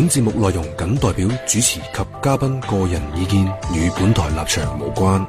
本節目內容僅代表主持及嘉賓個人意見，與本台立場無關。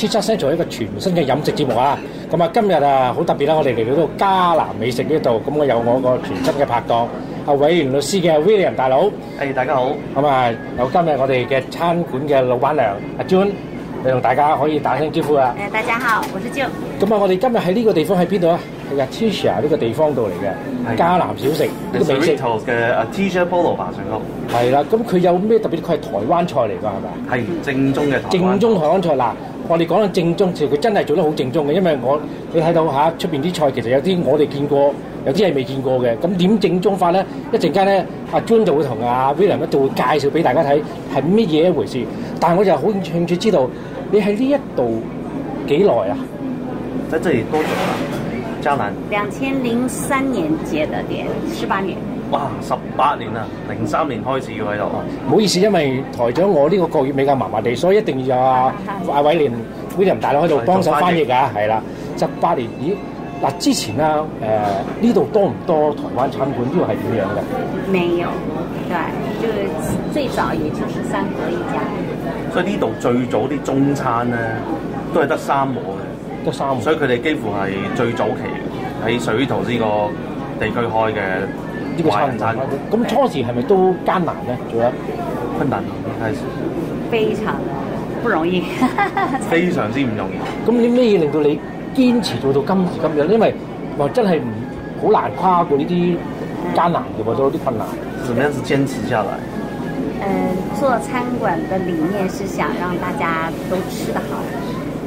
推出新做一個全新嘅飲食節目啊！咁、嗯、啊，今日啊好特別啦、啊，我哋嚟到呢個迦南美食呢度。咁、嗯、我有我個全新嘅拍檔阿偉源律師嘅 William 大佬，誒、hey, 大家好。咁啊、嗯，有、嗯嗯、今日我哋嘅餐館嘅老闆娘阿 June 你同大家可以打聲招呼啊。誒、hey, 大家好，我是 June 咁啊，我哋今日喺呢個地方喺邊度啊？係 Aticia 呢個地方度嚟嘅，係迦 Hey. 南小食呢嘅 Hey. 美食嘅 Aticia Polo 飯場咯。係啦 咁、嗯、佢有咩特別？佢係台灣菜嚟㗎，係咪啊？係、hey, 正宗嘅台灣菜正宗台灣菜嗱。我哋講到正宗，其實佢真係做得好正宗嘅，因為我你睇到嚇出面啲菜，其實有啲我哋見過，有啲係未見過嘅。咁點正宗法咧？一陣間咧，阿、啊、June 就會同阿、啊、William 咧就會介紹俾大家睇係乜嘢一回事。但係我就好興趣知道你喺呢一度幾耐啊？喺這裡多久了？啊，迦、啊、南？兩千零三年結嘅連十八年。哇！十八年啊，零三年開始要喺度。唔好意思，因為台長我呢個國語比較麻麻地，所以一定要阿吧阿偉廉 William 大佬喺度幫手翻譯㗎。係啦，十、啊、八年，咦嗱、啊、之前咧呢度多唔多台灣餐館？呢度係點樣嘅？未有，對就最早也就是三和一家。所以呢度最早啲中餐咧都係得三和嘅，得三。所以佢哋幾乎係最早期喺水頭呢個地區開嘅。呢個餐館咁初時係咪都艱難咧？做對有困難係非常不容易， 非常之唔容易。咁啲咩嘢令到你堅持做到今時今日？因為話、就是、真係唔好難跨過呢啲艱難嘅話，或者有啲對困難。什麼樣子堅持下來？嗯、呃，做餐館的理念是想讓大家都吃得好。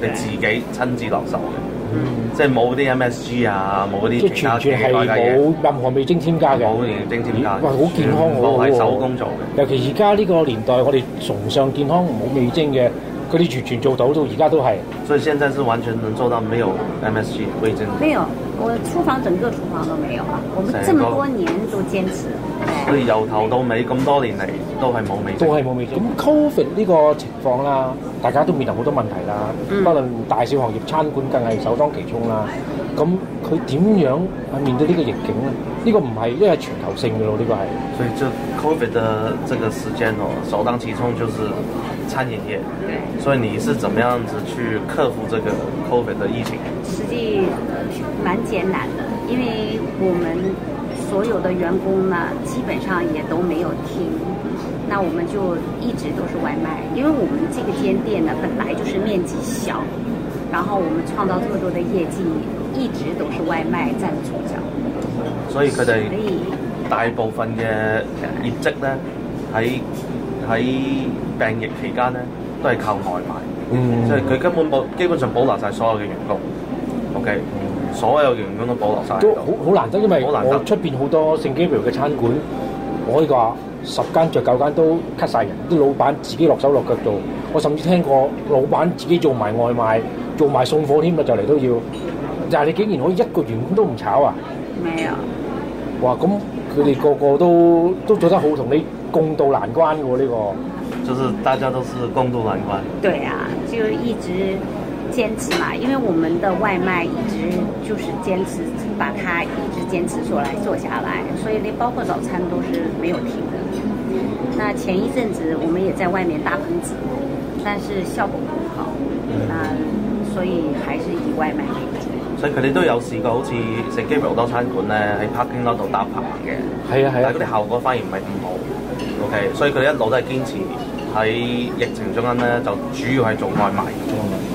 你自己親自落手，嗯、即係冇啲 MSG 啊，冇啲。即係完全係冇任何味精添加嘅。冇味精添加、欸，哇！好健康、哦、手工做嘅、好喎、哦。尤其而家呢個年代，我哋崇尚健康，冇味精嘅，佢哋完全做到到而家都係。所以現在是完全能做到沒有 MSG 味、啊、精、啊。冇。我廚房整個廚房都沒有、啊，我們這麼多年都堅持，所以由頭到尾咁多年嚟都係冇味，都係冇味。咁，covid 呢個情況啦，大家都面臨好多問題啦，不論、嗯、大小行業，餐館更係首當其衝啦，咁、嗯。佢點樣面對呢個逆境呢？呢、這個唔係，因為全球性嘅咯，呢、這個係。所以，就 Covid 的這個時間哦，首當其衝就是餐飲業。對 Okay. 所以你是怎麼樣子去克服這個 Covid 的疫情？實際蠻艱難的，因為我們所有的員工呢，基本上也都沒有停，那我們就一直都是外賣，因為我們這個間店呢，本來就是面積小。然後我們創造咁多的業績，一直都是外賣佔主角。所以佢哋，大部分的業績咧喺喺病疫期間咧，都是靠外賣。嗯，即係佢根本基本上保留晒所有的員工。O、okay? K、嗯、所有的員工都保留晒。都好難得，因為很難得我出邊好多聖蓋博嘅餐館，我可以話十間著九間都 cut 晒人，啲老闆自己落手落腳做。我甚至聽過老闆自己做埋外賣。做埋送貨添啦，就嚟都要。但係你竟然可以一個員工都唔炒啊？咩有哇！咁佢哋個個都都做得好，同你共度難關喎呢個。就是大家都是共度難關。對啊，就一直堅持嘛，因為我們的外賣一直就是堅持把它一直堅持做來做下來，所以你包括早餐都是沒有停的。那前一陣子我們也在外面搭棚子，但是效果唔好。所以佢哋都有試過，好似食雞毛多餐館咧，喺 parking lot 嗰度搭棚嘅。係啊係啊，啊但係嗰啲效果反而唔係咁好，OK。所以佢哋一路都係堅持喺疫情中間咧，就主要係做外賣。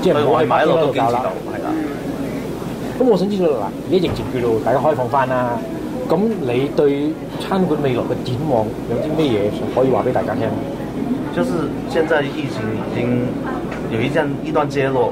即係外賣一路都堅持到，係啦。咁我想知道，嗱，而家疫情叫做大家開放翻啦，咁你對餐館未來嘅展望有啲咩嘢可以話俾大家聽？就是現在疫情已經有一段一段揭露。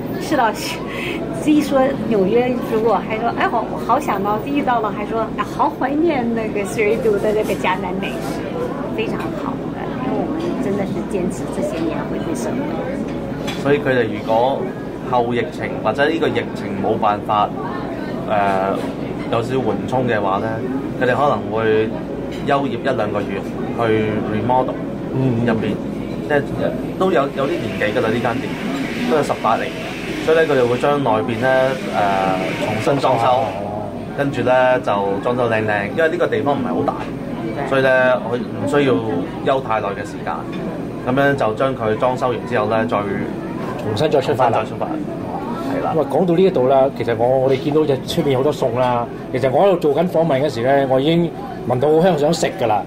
是啦，即係說紐約如果還說，哎我我好想到，遇到了，還說好懷念那個水都的那個迦南美食，非常好的，因為我們真的是堅持這些年回歸生活。所以佢哋如果後疫情或者呢個疫情冇辦法，誒、呃、有少少緩衝嘅話咧，佢哋可能會休業一兩個月去 remodel，嗯，入面即係都有有啲年紀㗎喇呢間店，都有十八年、年。所以咧，佢哋會將內邊咧誒重新裝修，哦、跟住咧就裝修靚靚。因為呢個地方唔係好大，所以咧我唔需要休太耐嘅時間。咁樣就將佢裝修完之後咧，再重新再出發，再出發，係啦了。咁啊了，講到呢一度啦，其實我我哋見到就出邊好多餸啦。其實我喺度做緊訪問嘅時咧，我已經聞到好香想食㗎啦。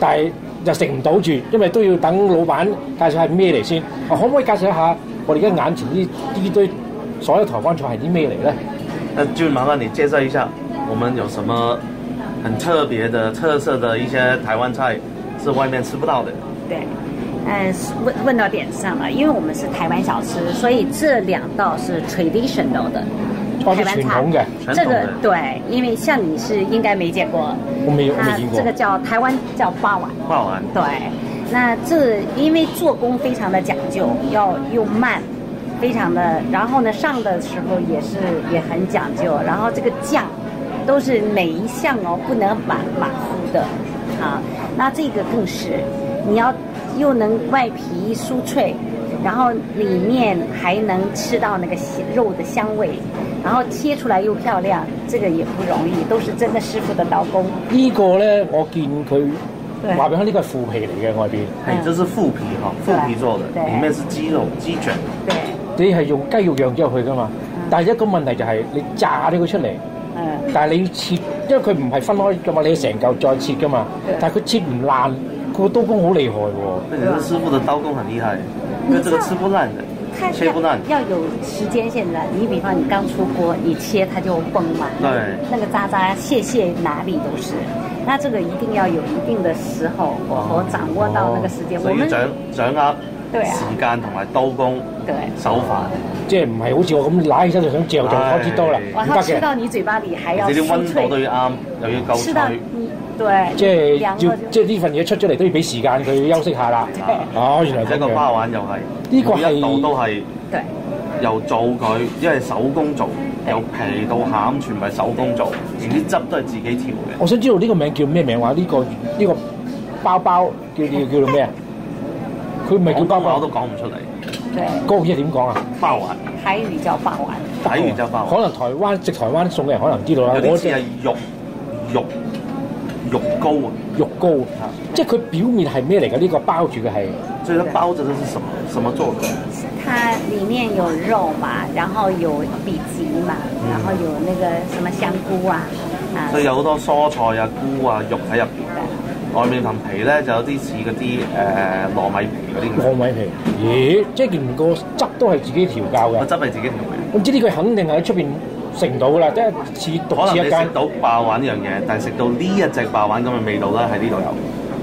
但係就食唔到住，因為都要等老闆介紹係咩嚟先。可唔可以介紹一下？我哋嘅眼前呢一堆，一堆，一堆所有台灣菜係啲咩嚟咧？那就麻煩你介紹一下，我們有什麼很特別的特色的一些台灣菜是外面吃不到的。對，嗯、呃，問問到點上了，因為我們是台灣小吃，所以這兩道是 traditional 的台灣菜。哦、這個對，因為像你是應該沒見過，我沒有，我沒見過、啊、這個叫台灣叫花丸。花丸，對。那這因為做工非常的講究，要用慢，非常的，然後呢上的時候也是也很講究，然後這個醬，都是每一項哦不能馬馬虎的，啊，那這個更是，你要又能外皮酥脆，然後裡面還能吃到那個肉的香味，然後切出來又漂亮，這個也不容易，都是真的師傅的刀工。呢個呢，我見佢。話俾佢呢個係腐皮嚟嘅，外邊係，就是腐皮哈，腐皮做的，裏面是雞肉雞卷。對，你係用雞肉釀咗入去噶嘛，但係一個問題就係你炸呢個出嚟，但係你要切，因為佢唔係分開嘅嘛，你要成嚿再切噶嘛，但係佢切唔爛，個刀工好厲害喎。而且師傅的刀工很厲害，因為這個吃不爛嘅。切不爛，要有時間限制。你比方你剛出鍋，你切它就崩嘛。對，那個渣渣屑屑哪裏都是。那這個一定要有一定的時候，我，和我掌握到那個時間，哦。所以掌掌握時間同埋刀工，對啊、對手法，即係唔係好似我咁拿起身就想嚼對就開始刀了哇吃到你嘴巴裏還要脆脆。這啲溫度都要啱，又要夠脆。吃到你即係要，即係呢份嘢出咗嚟都要俾時間佢休息下啦。哦，原來整個包玩又係呢個係，由做佢，因為手工做，由皮到餡全部係手工做，連啲汁都係自己調嘅。我想知道呢個名叫咩名話？呢個呢個包包叫叫叫做咩啊？佢唔係叫包包我都講唔出嚟。高嗰個字點講啊？包玩。海語叫包玩。海語叫包玩。可能台灣直台灣送嘅人可能知道啦。好似字係肉肉。肉糕啊，肉糕啊，即係佢表面係咩嚟㗎？呢、呢個包住嘅係？所以包住嘅係什麼？對什麼做嘅？係佢裡面有肉嘛，然後有餡子嘛，嗯、然後有那個什麼香菇啊，啊！所以有好多蔬菜啊、菇啊、肉喺入邊嘅。對外面層皮咧就有啲似嗰啲誒糯米皮啲糯米皮？咦、欸，即係連個汁都係自己調教嘅，個汁係自己調嘅？咁知呢佢肯定係喺出邊。食唔到啦，即係似獨一間。可能你食到爆丸呢樣嘢，但係食到呢一隻爆丸咁嘅味道啦，喺呢度有。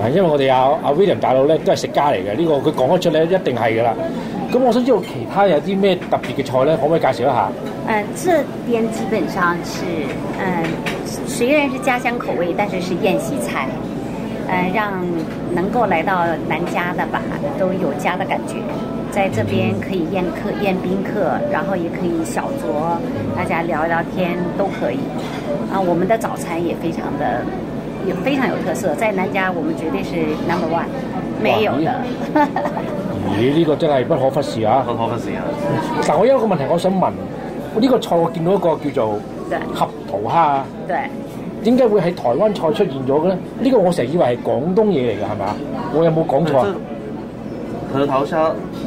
嗱，因為我哋有、啊、阿、啊、William 大佬咧，都係食家嚟嘅，呢、這個佢講得出嚟一定係噶啦。咁我想知道其他有啲咩特別嘅菜咧，可唔可以介紹一下？誒、呃，這邊基本上是誒、呃，雖然是家鄉口味，但是是宴席菜，誒、呃，讓能夠嚟到南家嘅吧，都有家嘅感覺。在這邊可以宴客宴賓客，然後也可以小酌，大家聊一聊天都可以。啊，我們的早餐也非常的，也非常有特色，在迦南我們絕對是 number one，沒有的。咦，呢、 這個真係不可忽視啊！不可忽視啊！嗱，嗯、我有一個問題，我想問，呢個菜我見到一個叫做合桃蝦，點解會喺台灣菜出現咗嘅咧？呢、這個我成日以為係廣東嘢嚟嘅，係嘛？我有冇講錯？合桃蝦。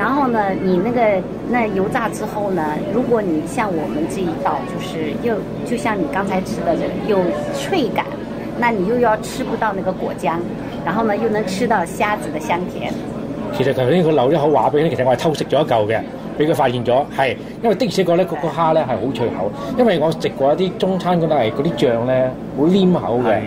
然後呢，你那個那油炸之後呢，如果你像我們這一道，就是又就像你剛才吃的，有脆感，那你又要吃不到那個果醬，然後呢又能吃到蝦子的香甜。其實頭先佢留一口話俾你，其實我係偷食咗一嚿嘅，俾佢發現咗。係，因為的確咧嗰個蝦咧係好脆口，因為我食過一啲中餐嗰度係嗰啲醬咧好黏口嘅，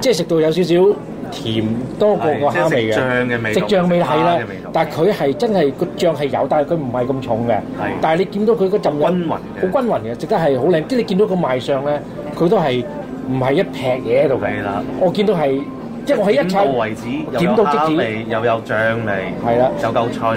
即係食到有少少。甜多過個蝦味嘅，即醬嘅味道。食醬味係啦，但係佢係真係個醬係有，但係佢唔係咁重嘅。係，但係你見到佢個陣均勻好均勻嘅，值得係好靚。即係你見到個賣相咧，佢都係唔係一劈嘢喺度。嘅啦，我見到係，即係我喺一切位置見到蝦味又有醬味，係啦，又夠脆。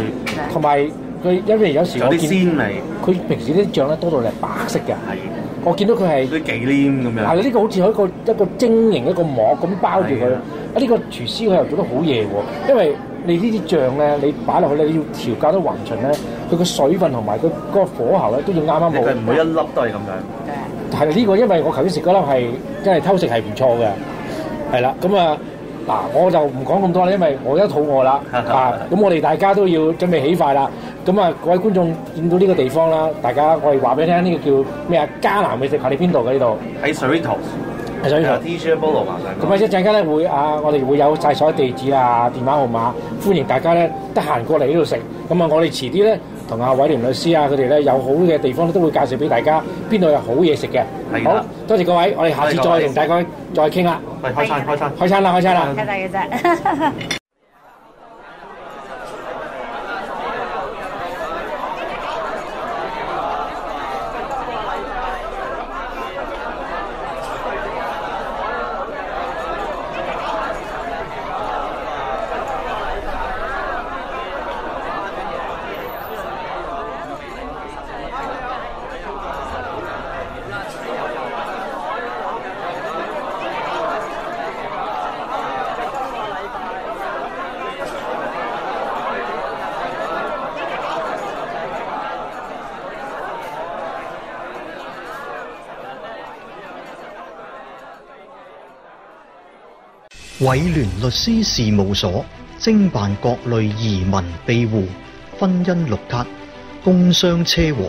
同埋佢因為有時有啲鮮味，佢平時啲醬咧多到係白色嘅係。我見到佢係嗰啲忌廉咁樣，呢個好似一個一個晶瑩一個膜咁包住佢。係啊 啊！呢個廚師佢又做得好嘢喎，因為你呢啲醬咧，你擺落去咧，你要調教得勻順咧，佢個水分同埋佢個火候咧，都要啱啱好。係咪每一粒都係咁樣？但係呢個因為我頭先食嗰粒係真係偷食係唔錯嘅，係啦。咁啊，嗱，我就唔講咁多啦，因為我而家肚餓啦 啊！咁我哋大家都要準備起筷啦。咁啊，各位觀眾見到呢個地方啦，大家我哋話俾你聽，呢、呢個叫咩啊？迦南美食喺你邊度嘅呢度？喺 Saritas，喺 Saritas。T-shirt Polo 啊，咁啊一陣間咧會啊，我哋會有晒所有地址啊、電話號碼，歡迎大家咧得閒過嚟呢度食。咁啊，我哋遲啲咧同阿偉廉律師啊佢哋咧有好嘅地方都會介紹俾大家，邊度有好嘢食嘅。係嘅。好，多謝各位，我哋下次再同大家再傾啦。開餐，開餐，開餐啦，開餐啦。開餐，開餐。偉聯律師事務所，精辦各類移民庇護、婚姻綠卡、工傷車禍、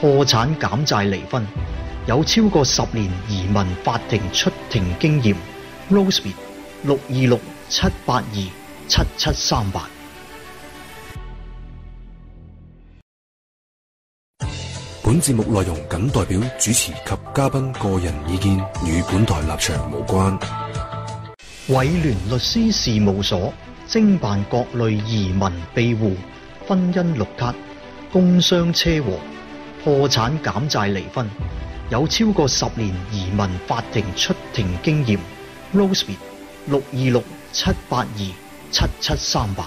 破產減債、離婚，有超過十年移民法庭出庭經驗。Rosemead 六二六七八二七七三八。本節目內容僅代表主持及嘉賓個人意見，與本台立場無關。偉聯律師事務所，偵辦各類移民庇護、婚姻綠卡、工傷車禍、破產減債、離婚，有超過十年移民法庭出庭經驗。Rosby 六二六七八二七七三八。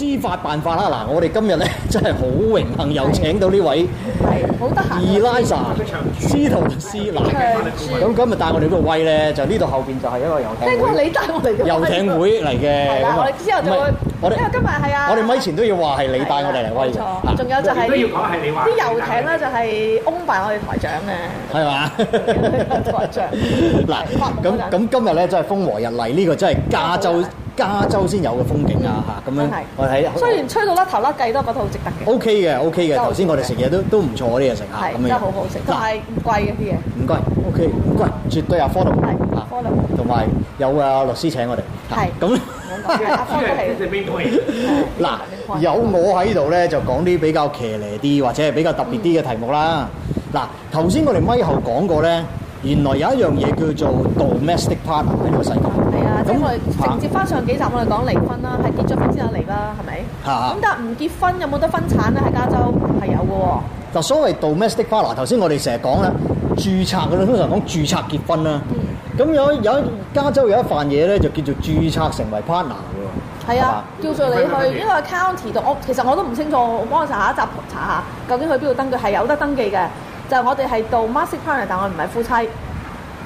司法辦法啦！嗱，我哋今日咧真係好榮幸，又請到呢位係好得閒，二拉曬司徒律師嗱，咁今日帶我哋呢個威咧，就呢度後邊就係一個遊艇會，遊艇會嚟嘅。係啦，我哋之後就會，因為今日係啊，我哋咪前都要話係你帶我哋嚟威。冇錯，仲有就係啲遊艇咧，就係擁抱我哋台長嘅。係嘛，台長。嗱，咁咁今日咧真係風和日麗，呢個真係加州。加州先有嘅風景啊，嚇咁樣，我睇。雖然吹到甩頭甩計，都覺得好值得嘅。O K 嘅，O K 嘅。頭先我哋食嘢都都唔錯啊，啲嘢食吓咁樣，真係好好食。但係唔貴嘅啲嘢。唔貴。O K，唔貴。絕對 affordable，affordable，同埋有啊律師請我哋。係。咁，阿 affordable 係食邊個嘢？嗱，有我喺度咧，就講啲比較騎呢啲或者係比較特別啲嘅題目啦。嗱，頭先我哋咪後講過咧，原來有一樣嘢叫做 domestic partner 喺呢個世界。咁我哋承接翻上幾集，我哋講離婚啦，係那結咗婚之後離啦，係咪？咁、啊、但係唔結婚有冇得分產咧？喺加州係有喎、哦。就所謂 domestic partner，頭先我哋成日講啦，註冊㗎喇，通常講註冊結婚啦。咁、嗯、有有一加州有一份嘢咧，就叫做註冊成為 partner 㗎喎。係啊，吧叫做你去因、啊、個 county 度，我其實我都唔清楚，我幫我查下一集查下，究竟去邊度登記係有得登記嘅。就係、我哋係 domestic partner，但我唔係夫妻。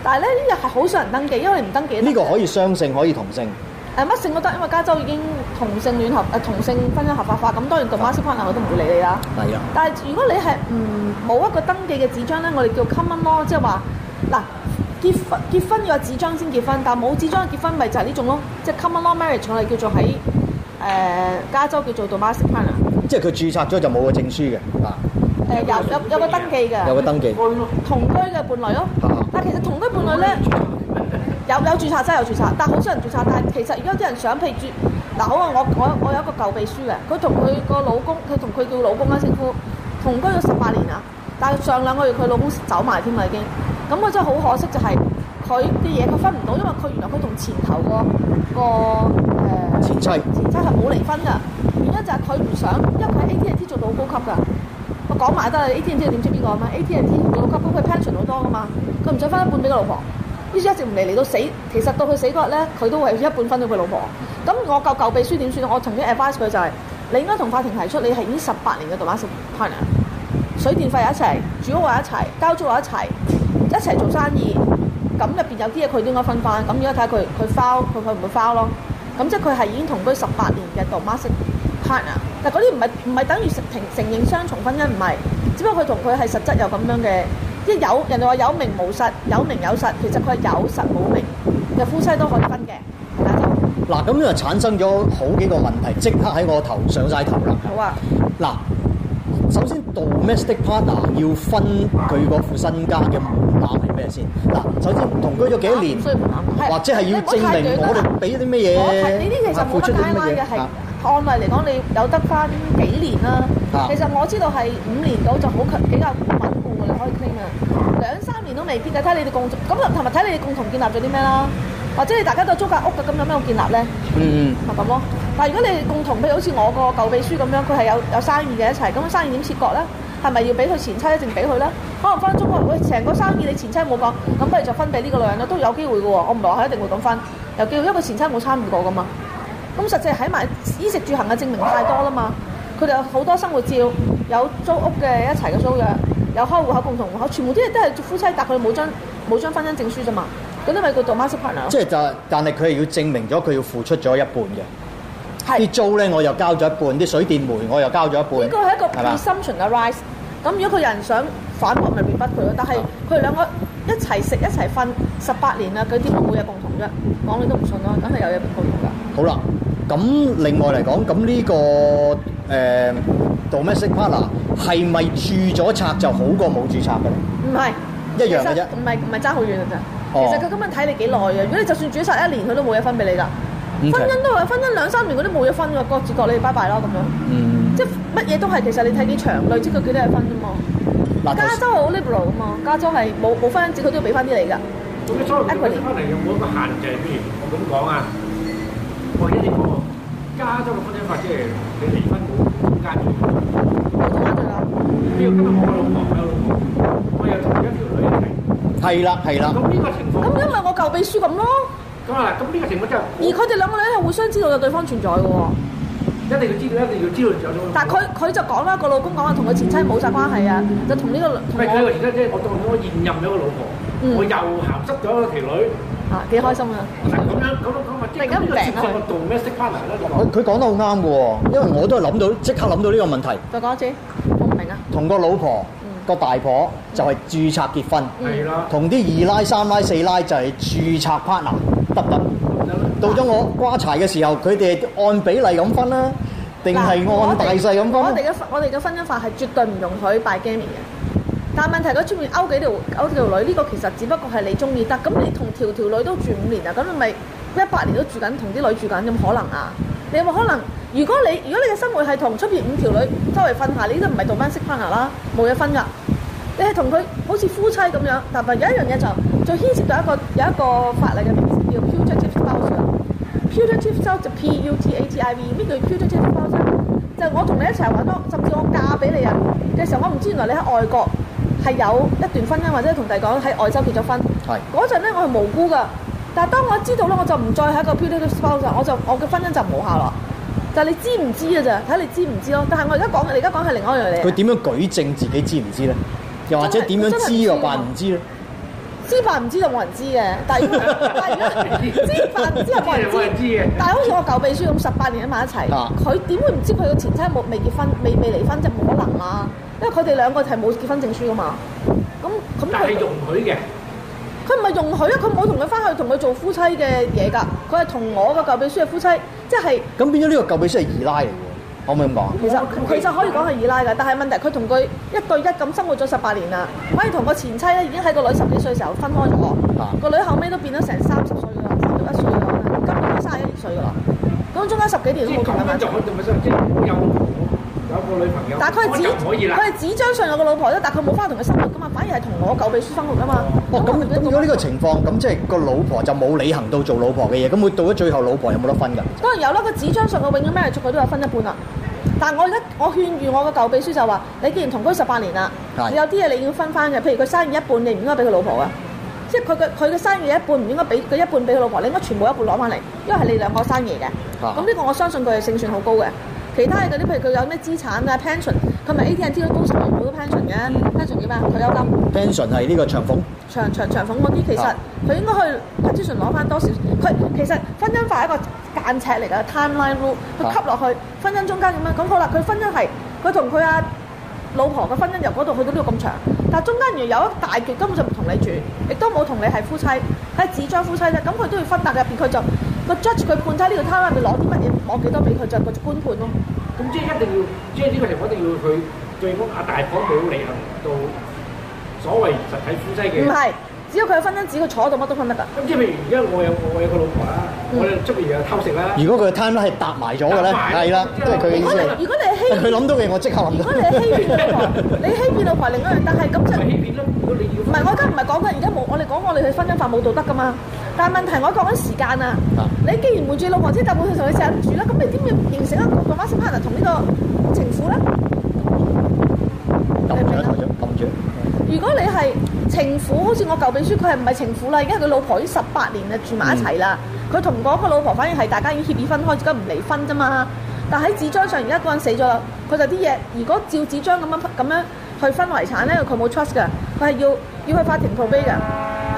但係咧呢日係好少人登記，因為你唔登記。呢個可以雙性可以同性。誒乜、呃、性都得，因為加州已經同性戀合、啊、同性婚姻合法化，咁當然 domestic partner 我都唔會理你啦。啊的。但係如果你係唔冇一個登記嘅紙張咧，我哋叫 common law，即係話嗱結婚結婚要有紙張先結婚，但係冇紙張結婚咪就係呢種咯，即、就、係、是、common law marriage，我哋叫做喺、呃、加州叫做 domestic partner 即係佢註冊咗就冇個證書嘅，嗱、啊呃、有有、有個登記嘅，有個登記同居嘅伴侶咯。啊但係其實同居伴侶咧，有有註冊真係有註冊，但係好少人註冊。但係其實而家啲人想譬如住，嗱，好啊，我我我有一個舊秘書嘅，佢同佢個老公，佢同佢叫老公啊，稱呼同居咗十八年啊，但係上兩個月佢老公走埋添啊，已經咁佢真係好可惜就係佢啲嘢佢分唔到，因為佢原來佢同前頭的個個、呃、前妻菜，前妻係冇離婚㗎，原因就係佢唔想，因為佢喺 AT&T 做到高級㗎。講埋都係 A P N T 點知邊個啊嘛？A P N T 老闆，因為 pension 好多噶嘛，佢唔想分一半俾個老婆，於是一直唔嚟嚟到死。其實到佢死嗰日咧，佢都會一半分到佢老婆。咁我舊舊秘書點算？我曾經 advice 佢就係、是，你應該同法庭提出你係已經十八年嘅 domestic partner，水電費一齊，住屋費一齊，交租又一齊，一齊做生意。咁入邊有啲嘢佢應該分翻？咁而家睇下佢佢 file 佢佢唔會 file 咯。咁即係佢係已經同居十八年嘅 domestic partner，但嗰啲唔係唔係等於承承認雙重婚姻，唔係，只不過佢同佢係實質有咁樣嘅，即係有人哋話有名無實，有名有實，其實佢係有實冇名，嘅夫妻都可以分嘅。嗱，咁、啊、就產生咗好幾個問題，即刻喺我頭上晒頭啦。好啊，嗱、啊，首先 domestic partner 要分佢嗰副身家嘅門檻係咩先？嗱、啊，首先同居咗幾多年，不不或者係要證明我哋俾啲咩嘢，其實付出啲咩嘢？係按例嚟講，你有得翻幾年啦、啊。啊、其實我知道係五年，度就好，較比較穩固嘅，你可以傾啊。兩三年都未必嘅，睇你哋共咁，同埋睇你哋共同建立咗啲咩啦。或者你大家都租間屋嘅，咁有咩建立咧？嗯，係咁咯。但係如果你哋共同，譬如好似我個舊秘書咁樣，佢係有有生意嘅一齊，咁生意點切割咧？係咪要俾佢前妻一定俾佢咧？可能返中國，喂，成個生意你前妻冇講，咁不如就分俾呢個女人咯，都有機會嘅喎。我唔話係一定會咁分，有機會，因為前妻冇參與過噶嘛。咁實際喺埋衣食住行嘅證明太多啦嘛，佢哋有好多生活照，有租屋嘅一齊嘅租約，有開戶口共同戶口，全部都係都係夫妻，但佢冇張冇張婚姻證書啫嘛。咁都咪佢做 master partner，即係但係佢係要證明咗佢要付出咗一半嘅，啲是租咧我又交咗一半，啲水電煤我又交咗一半。呢個係一個 reason 嘅 rise 吧。咁如果個人想反駁咪變不配咯，就是、ter, 但係佢哋兩個。一齊食一齊瞓十八年啦，佢啲都冇嘢共同啫，講你都唔信咯，梗係有嘢共同㗎。好啦，咁另外嚟講，咁呢、這個誒、呃、domestic partner 係咪註咗冊就好過冇註冊嘅？唔係是一樣嘅，啫，唔係唔係爭好遠㗎啫。其實佢、哦、今日睇你幾耐嘅，如果你就算註咗冊一年，佢都冇嘢分俾你㗎。婚姻 Okay. 都係，婚姻兩三年嗰啲冇嘢分㗎，各自各角你拜拜咯咁樣。嗯，即乜嘢都係，其實你睇幾長，類即佢幾多嘢分啫嘛。加州好 liberal 噶嘛，加州係冇冇婚姻紙，佢都要俾翻啲你噶。咁所以你俾翻嚟有冇一個限制？譬如我咁講啊，我呢、這個加州嘅婚姻法，即係你離婚攤空間住。我知啦，屌今日我老婆、我老婆，我又同一條女一齊。係啦，係啦。咁呢個情況咁因為我舊秘書咁咯。咁啊，咁呢個情況就而佢哋兩個女係互相知道有對方存在㗎喎。一定要知道，一定要知道有種。但係佢佢就講啦，個老公講話同佢前妻冇曬關係啊，就同呢個同我。唔係佢個前妻啫，我當咗現任咗個老婆，我又鹹濕咗個條女。嚇幾開心啊！唔係咁樣，咁咁咪即刻要設定個同咩識 partner 咧？我佢講得好啱嘅喎，因為我都係諗到，即刻諗到呢個問題。再講一次，明啊？同個老婆個大婆就係註冊結婚。係啦。同啲二奶三奶四奶就係註冊 partner，得唔得？到咗我瓜柴嘅時候，佢哋按比例咁分啦，定係按大細咁分？我哋嘅我哋嘅婚姻法係絕對唔容許 bigamy 嘅。但係問題，佢出面勾幾條勾條女，呢個其實只不過係你中意得。咁你同條條女都住五年啊？咁你咪一百年都住緊同啲女住緊，有冇可能啊？你有冇可能？如果你如果你嘅生活係同出面五條女周圍瞓下，你都唔係同班色班牙啦，冇嘢分㗎。你係同佢好似夫妻咁樣，但係有一樣嘢就再牽涉到一個有一個法例嘅名字叫。P.U.T.A.T.I.V. 呢叫 P.U.T.A.T.I.V. 包身，就我同你一齊玩多，甚至我嫁俾你啊嘅時候，我唔知原來你喺外國係有一段婚姻，或者同第講喺外州結咗婚。係嗰陣咧，我係無辜噶。但係當我知道咧，我就唔再喺一個 P.U.T.A.T.I.V. 包身。我就我嘅婚姻就冇下啦。就係你知唔知嘅咋睇你知唔知咯。但係我而家講，你而家講係另外一樣嘢。佢點樣舉證自己知唔知咧？又或者點樣知又扮唔知咧？知法唔知道就冇人知嘅，但係如果話而家知法唔知就冇人知， 但係好似我舊秘書咁十八年喺埋一齊，佢點、啊、會唔知佢個前妻冇未結婚、未未離婚，即係冇可能啊？因為佢哋兩個係冇結婚證書噶嘛，咁咁佢。但係容許嘅，佢唔係容許，佢冇同佢翻去同佢做夫妻嘅嘢㗎，佢係同我個舊秘書係夫妻，即係。咁變咗呢個舊秘書係二奶。可唔可以咁講？啊、其實其實可以講係二奶㗎，但係問題佢同佢一對一咁生活咗十八年啦，可以同個前妻咧已經喺個女十幾歲時候分開咗，啊、個女後尾都變咗成三十歲啦，三十一歲啦，今年都三十一二歲㗎啦，咁、啊、中間十幾年都冇見。個女朋友，但係紙，佢係紙張上有個老婆咧，但佢冇翻嚟同佢生活噶嘛，反而係同我舊秘書生活噶嘛。咁如果呢個情況，咁即係個老婆就冇履行到做老婆嘅嘢，咁會到咗最後，老婆有冇得分噶？當然有啦，個紙張上個永遠咩嚟，佢都有分一半啦。但係我而家我勸喻我個舊秘書就話：你既然同居十八年啦，是你有啲嘢你要分翻嘅，譬如佢生意一半，你唔應該俾佢老婆嘅，即係佢嘅佢嘅生意一半唔應該俾佢一半俾佢老婆，你應該全部一半攞翻嚟，因為係你兩個生意嘅。咁呢、啊、個我相信佢係勝算好高嘅。其他嘅嗰啲，譬如佢有咩資產啊，pension，佢咪 a t t 啲公司入面啲 pension 嘅，pension 叫咩？退休、嗯、金。pension 係呢個長俸。長長長俸嗰啲，其實佢應該去 pension 攞返多少？佢其實婚姻法一個間尺嚟㗎，timeline rule，佢吸落去的婚姻中間咁樣？咁好啦，佢婚姻係佢同佢阿老婆嘅婚姻入嗰度去到呢度咁長，但係中間原來有一大段根本就唔同你住，亦都冇同你係夫妻，係紙張夫妻啫。咁佢都要分，但入邊佢就個 judge 佢判睇呢條 timeline 攞啲乜嘢？攞幾多俾佢著個官判咯？咁即係一定要，即係呢個時候一定要去對方啊，大房都履行到所謂實體夫妻嘅。唔係，只要佢有婚姻紙，佢坐喺度乜都分得噶。咁即係譬如而家我有我有個老婆啦，我哋竹葉魚又偷食啦。如果佢嘅 time 係搭埋咗嘅咧，係啦，即係佢嘅意思。如果你係欺騙老婆，你欺騙老婆另外一樣，但係咁即係唔係我而家唔係講緊，而家冇我哋講我哋去婚姻法冇道德噶嘛。但問題我講緊時間了啊！你既然瞞住老婆先搭巴佢同你成日住啦，咁你點會形成一個孖生 partner 同呢個情婦咧？撳住啊，台長吧，撳住。如果你係情婦，好似我舊秘書，佢係唔係情婦啦？而家佢老婆已經十八年啊住埋一齊啦。佢同嗰個老婆反而係大家已經協議分開，而家唔離婚啫嘛。但喺紙張上而家嗰人死咗啦，佢就啲嘢如果照紙張咁樣咁樣去分遺產咧，佢冇 trust 嘅，佢係要要去法庭 probate 嘅，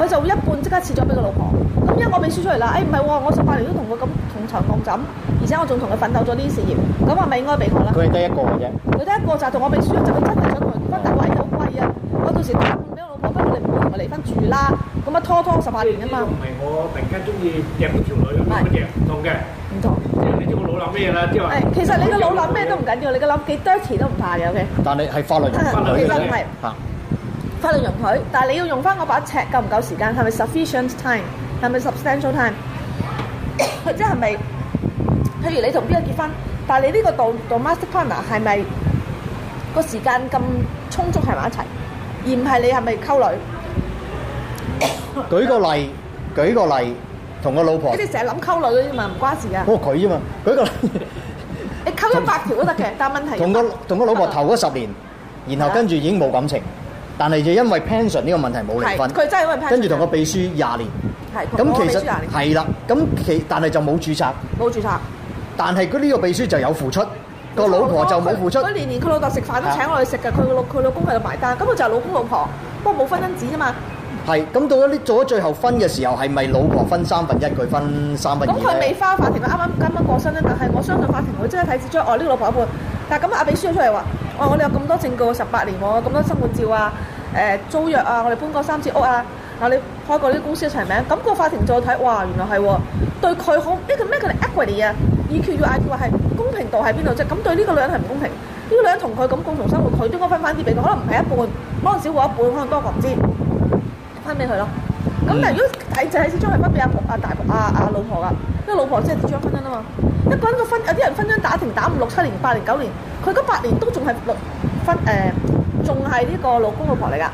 佢就會一半即刻切咗俾個老婆。咁因我俾書出嚟啦，哎唔係喎，我十八年都同佢咁同床共枕，而且我仲同佢奮鬥咗呢啲事業，咁啊咪應該俾房啦。佢得一個嘅啫。佢得一個就係同我俾書，就佢真係想同我離婚，但係位就好貴啊！我到時打賬俾我老婆，咁我哋唔會同佢離婚住啦。咁啊拖拖十八年啊嘛。即係呢個唔係我突然間中意掟條女咁樣掟，唔同嘅，唔同。即係你呢個腦諗咩啦？即係話。誒，其實你嘅腦諗咩都唔緊要，你嘅諗幾 dirty 都唔怕嘅。OK。但係係法律容許嘅。其實係。啊。法律容許，但係你要用翻我把尺夠唔夠時間？係咪 sufficient time？係咪 substantial time？即係咪？譬如你同邊個結婚，但係你呢個 domestic partner 係咪個時間咁充足喺埋一齊？而唔係你係咪溝女？舉個例，舉個例，同個老婆。你哋成日諗溝女啫嘛，唔關事噶。哦，佢啫嘛，舉個。你溝一百條都得嘅，但係問題。同個同個老婆頭嗰十年，然後跟住已經冇感情。但係就因為 pension 呢個問題冇離婚，佢真係因為 pension 跟住同個秘書廿年，咁其實係啦，咁其但係就冇註冊，冇註冊。但係佢呢個秘書就有付出，個老婆就冇付出。佢年年佢老豆食飯都請我哋食㗎，佢老佢老公喺度埋單，咁佢就係老公老婆，不過冇分銀紙啫嘛。係，咁到咗呢做咗最後分嘅時候，係咪老婆分三分一，佢分三分二？咁佢未花法庭，佢啱啱啱啱過身啦，但係我相信法庭會真係睇住將哦，呢、呢個老婆一半。但係咁阿比書咗出嚟話，哦、哎，我哋有咁多證據，十八年喎，咁多生活照啊，租約啊，我哋搬過三次屋啊，嗱，你開過啲公司一齊名，咁、那個法庭再睇，哇，原來係喎、哦，對佢好，呢個咩叫 equity 啊 equity 話係公平度喺邊度啫？咁對呢個女人係唔公平，呢、這個女人同佢咁共同生活，佢應該分翻啲俾佢，可能唔係一半，可能少過一半，可能多過唔知，分俾佢咯。咁但係如果係就係始終係乜？俾阿婆、阿大婆、阿阿老婆噶，因為老婆先係結咗婚姻啊嘛。一個人個婚，有啲人婚姻打停打五六七年、八年、九年，佢嗰八年都仲係六分誒，仲係呢個老公老婆嚟噶。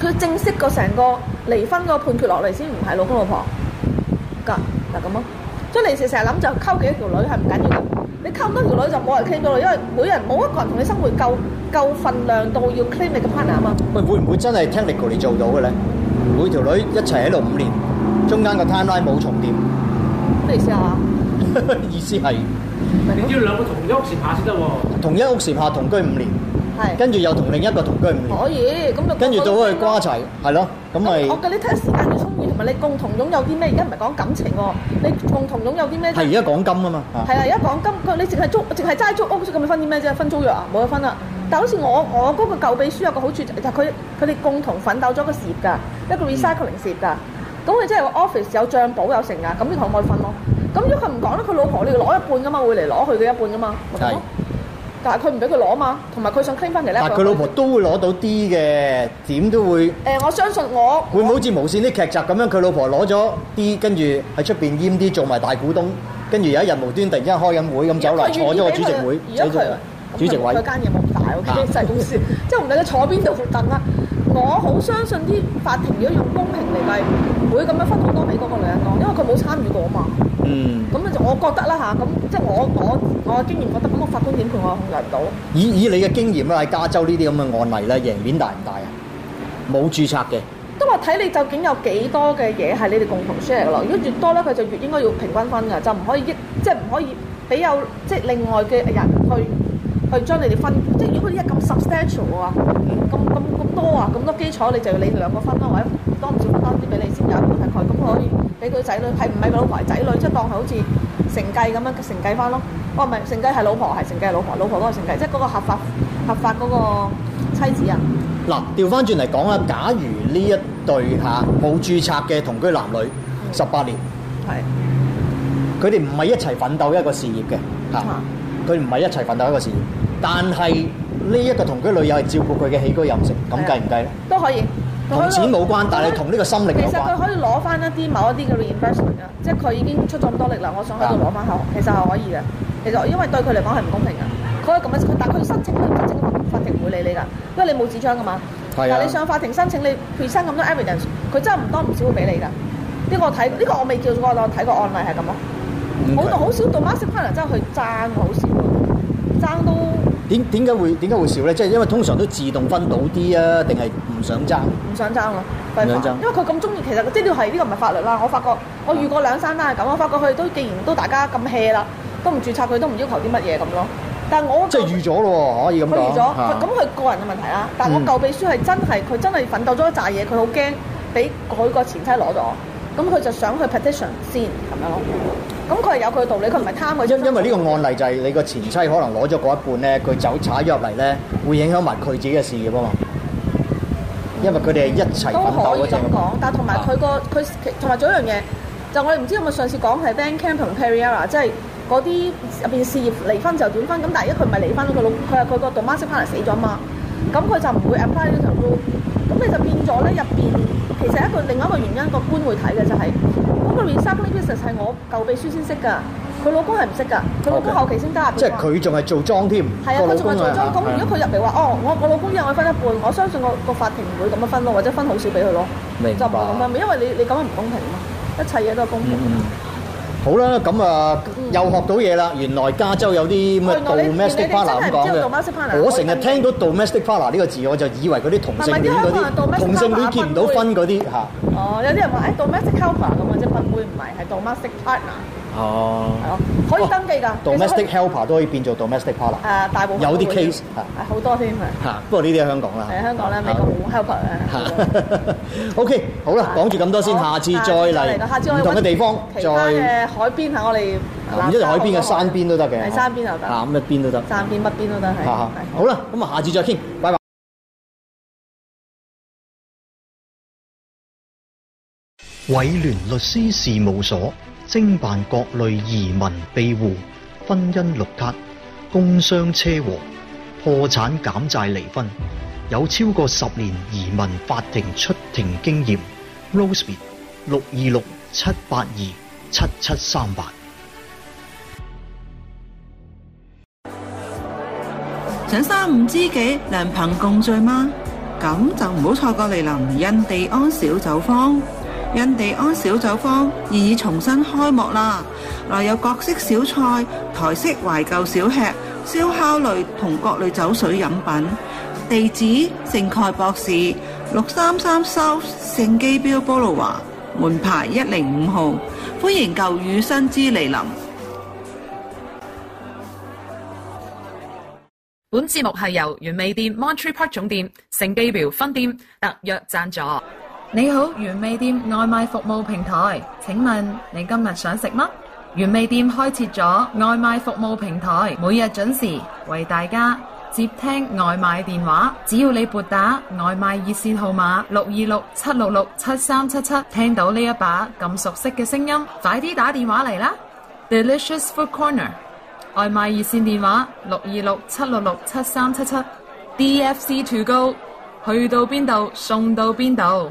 佢正式個成個離婚個判決落嚟先唔係老公老婆噶，就咁咯。即係你成成日諗就溝幾條女係唔緊要，你溝唔多條女就冇人傾到啦，因為每人冇一個人同你生活夠夠份量到要 claim 你嘅 partner 啊嘛。喂，會唔會真係聽你你做到嘅咧？每條女一齊喺度五年，中間個 timeline 冇重疊。咩意思啊？意思係咪你要兩個同一屋檐下先得喎？同一屋檐下同居五年，係跟住又同另一個同居五年，可以咁就跟住到去瓜柴係咯，咁咪？我計你睇時間。你共同擁有啲咩？而家唔係講感情喎，啊，你共同擁有啲咩？係而家講金啊嘛，係啊，而家講金，佢你淨係租，淨係齋租屋咁，你分啲咩啫？分租約啊，冇得分啦，啊。但好似我我嗰個舊秘書有個好處就係，就係佢佢哋共同奮鬥咗個事業㗎，一個 recycling 事業㗎。咁佢即係 office 有帳簿有成啊。咁你可唔可以分咯？咁如果佢唔講咧，佢老婆你要攞一半㗎嘛，會嚟攞佢嘅一半㗎嘛，係。但係佢唔俾佢攞嘛，同埋佢想傾翻嚟呢。但係佢老婆都會攞到啲嘅，點都會。誒、欸，我相信我。會唔好似無線啲劇集咁樣？佢我老婆攞咗啲，跟住喺出邊閹啲，做埋大股東，跟住有一日無端突然之間開緊會咁走嚟，坐咗個主席會，主席位。間嘢冇咁大，嚇、okay? 啊，細公司，即係唔理你坐邊度個凳啦。我好相信啲法庭如果用公平嚟計，唔會咁樣分好多俾嗰個女人攞，因為佢冇參與過啊嘛。嗯，咁啊，我覺得啦嚇，咁即係我我我經驗覺得咁個法官點判我控制唔到。以以你嘅經驗咧，喺加州呢啲咁嘅案例咧，贏面大唔大啊？冇註冊嘅。都話睇你究竟有幾多嘅嘢係你哋共同 share 落，如果越多咧，佢就越應該要平均分㗎，就唔可以一即係唔可以俾有即係另外嘅人去去將你哋分。即係如果佢一咁 substantial 啊，咁咁咁多啊，咁多基礎，你就要你兩個分或者多少分多啲俾你先有大概，咁可以。俾佢仔女係唔係佢老婆？仔女即當係好似承繼咁樣承繼翻咯。哦唔係承繼係老婆，係承繼係老婆，老婆嗰個承繼，即係嗰個合法合法嗰個妻子啊。嗱，調翻轉嚟講啊，假如呢一對嚇冇註冊嘅同居男女十八年，係佢哋唔係一齊奮鬥一個事業嘅嚇，佢唔係一齊奮鬥一個事業，但係呢一個同居女友係照顧佢嘅起居飲食，咁計唔計咧？算算呢都可以。同錢冇關，他但係同呢個心靈有關。其實佢可以攞翻一啲某一啲嘅 reinvestment 啊，即係佢已經出咗咁多力啦，我想喺度攞翻口，啊、其實係可以嘅。其實因為對佢嚟講係唔公平嘅，可以咁樣。但佢申請，佢申，申請，法庭唔會理你㗎，因為你冇紙張㗎嘛。係、啊、但你上法庭申請，你 present 咁多 evidence，佢真係唔多唔少會俾你㗎。呢、這個我睇，呢、這個我未叫過，我睇個案例係咁咯。好、嗯，好少的到 master partner 真係去爭好少，爭都。點點解會點解會少咧？即係因為通常都自動分到啲啊，定係唔想爭？唔想爭咯，想爭因為佢咁中意，其實即係呢個唔係法律啦。我發覺我遇過兩三單係咁，我發覺佢都既然都大家咁 hea 啦，都唔註冊佢都唔要求啲乜嘢咁咯。但係我即係預咗咯喎，可以咁講。佢預咗，咁佢的個人嘅問題啦。但係我舊秘書係真係佢真係奮鬥咗一紮嘢，佢好驚俾佢個前妻攞咗，咁佢就想去 petition 先咁樣咯。咁佢係有佢嘅道理，佢唔係貪嘅啫。因因為呢個案例就係你個前妻可能攞咗嗰一半咧，佢走踩入嚟咧，會影響埋佢自己嘅事業啊嘛。嗯、因為佢哋係一齊做到嗰陣都可以咁講，那個、但係同埋佢個佢同埋做一樣嘢，就我哋唔知有冇上次講係 Van Camp 同 Pereira 即係嗰啲入邊事業離婚就點分。咁但係一佢唔係離婚咗，佢老佢佢個 Douglas 死咗啊嘛，咁佢就唔會 apply 呢條咁你就變咗咧，入面，其實一個另外一個原因，個官會睇嘅就係，咁個 research officer 係我舊秘書先識噶，佢老公係唔識噶，佢老公後期先加入 Okay. 話。即係佢仲係做裝添。係啊，佢仲係做裝工。如果佢入嚟話，的哦，我我老公入去分一半，我相信我個法庭唔會咁樣分咯，或者分好少俾佢咯。明白。就唔會咁樣。因為你你咁樣唔公平啊嘛，一切嘢都係公平。嗯。好啦，咁啊、嗯、又學到嘢啦！原來加州有啲乜 domestic partner 咁講嘅。我成日聽到 domestic partner 呢個字，我就以為嗰啲同性戀嗰啲，同性戀結唔到婚嗰啲哦，有啲人話誒 domestic partner 咁啊，即係分杯唔係係 domestic partner。哦，係咯，可以登記噶，domestic helper 都可以變做 domestic partner。誒，大部分有啲 case，係好多添吓，不過呢啲喺香港啦，喺香港咧，美國冇 helper 啊。吓，OK，好啦，講住咁多先，下次再嚟，下次我哋唔同嘅地方，再誒海邊吓，我哋唔一定海邊嘅，山邊都得嘅，喺山邊就得吓，咁一邊都得，山邊乜邊都得係。好啦，咁啊，下次再傾，拜拜。偉聯律師事務所。徵辦各類移民庇護、婚姻綠卡、工傷車禍、破產減債、離婚，有超過十年移民法庭出庭經驗。Rosebud 六二六七八二七七三八，想三五知己良朋共聚嗎？咁就唔好錯過嚟臨印第安小酒坊。現印第安小酒坊已重新開幕啦！內有各式小菜、台式懷舊小吃、燒烤類同各類酒水飲品。地址：聖蓋博士六三三 South 聖基表波羅華門牌一零五號。歡迎舊雨新知嚟臨。本節目係由完美店 Montreal Park 總店、聖基表分店特約讚助。你好，原味店外賣服務平台，請問你今日想食乜？原味店開設咗外賣服務平台，每日準時為大家接聽外賣電話。只要你撥打外賣熱線號碼六二六七六六七三七七，7 7, 聽到呢一把咁熟悉嘅聲音，快啲打電話嚟啦！Delicious Food Corner 外賣熱線電話六二六七六六七三七七，D F C To Go 去到邊度送到邊度。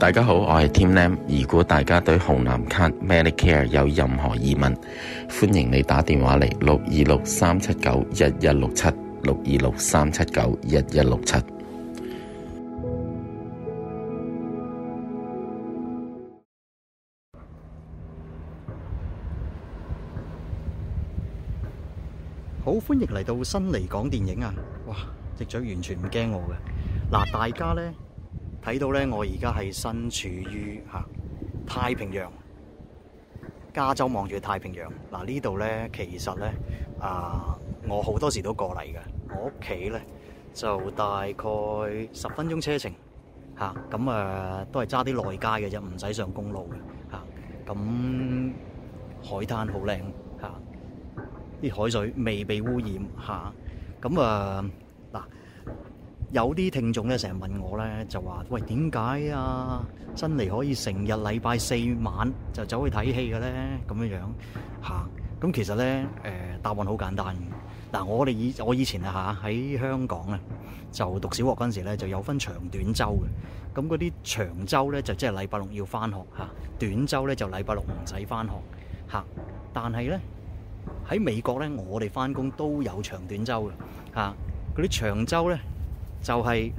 大家好，我係 Tim Lam。如果大家對紅藍卡 Medicare 有任何疑問，歡迎你打電話嚟六二六三七九一一六七六二六三七九一一六七。67，好，歡迎嚟到辛尼講電影啊！哇，隻嘴完全唔驚我嘅嗱，大家咧。睇到咧，我而家係身處於吓太平洋，加州望住太平洋。嗱，呢度咧其實咧啊，我好多時都過嚟嘅。我屋企咧就大概十分鐘車程吓，咁啊都係揸啲內街嘅啫，唔使上公路嘅吓。咁海灘好靚吓，啲海水未被污染吓。咁啊嗱。有啲聽眾咧，成日問我咧，就話：喂，點解啊？辛尼可以成日禮拜四晚就走去睇戲嘅咧？咁樣樣嚇。咁、啊、其實咧，誒、呃、答案好簡單。嗱，我哋以我以前啊嚇喺香港啊，就讀小學嗰陣時咧就有分長短週嘅。咁嗰啲長週咧就即係禮拜六要翻學嚇、啊，短週咧就禮拜六唔使翻學嚇、啊。但係咧喺美國咧，我哋翻工都有長短週嘅嚇。嗰、啊、啲長週咧。就係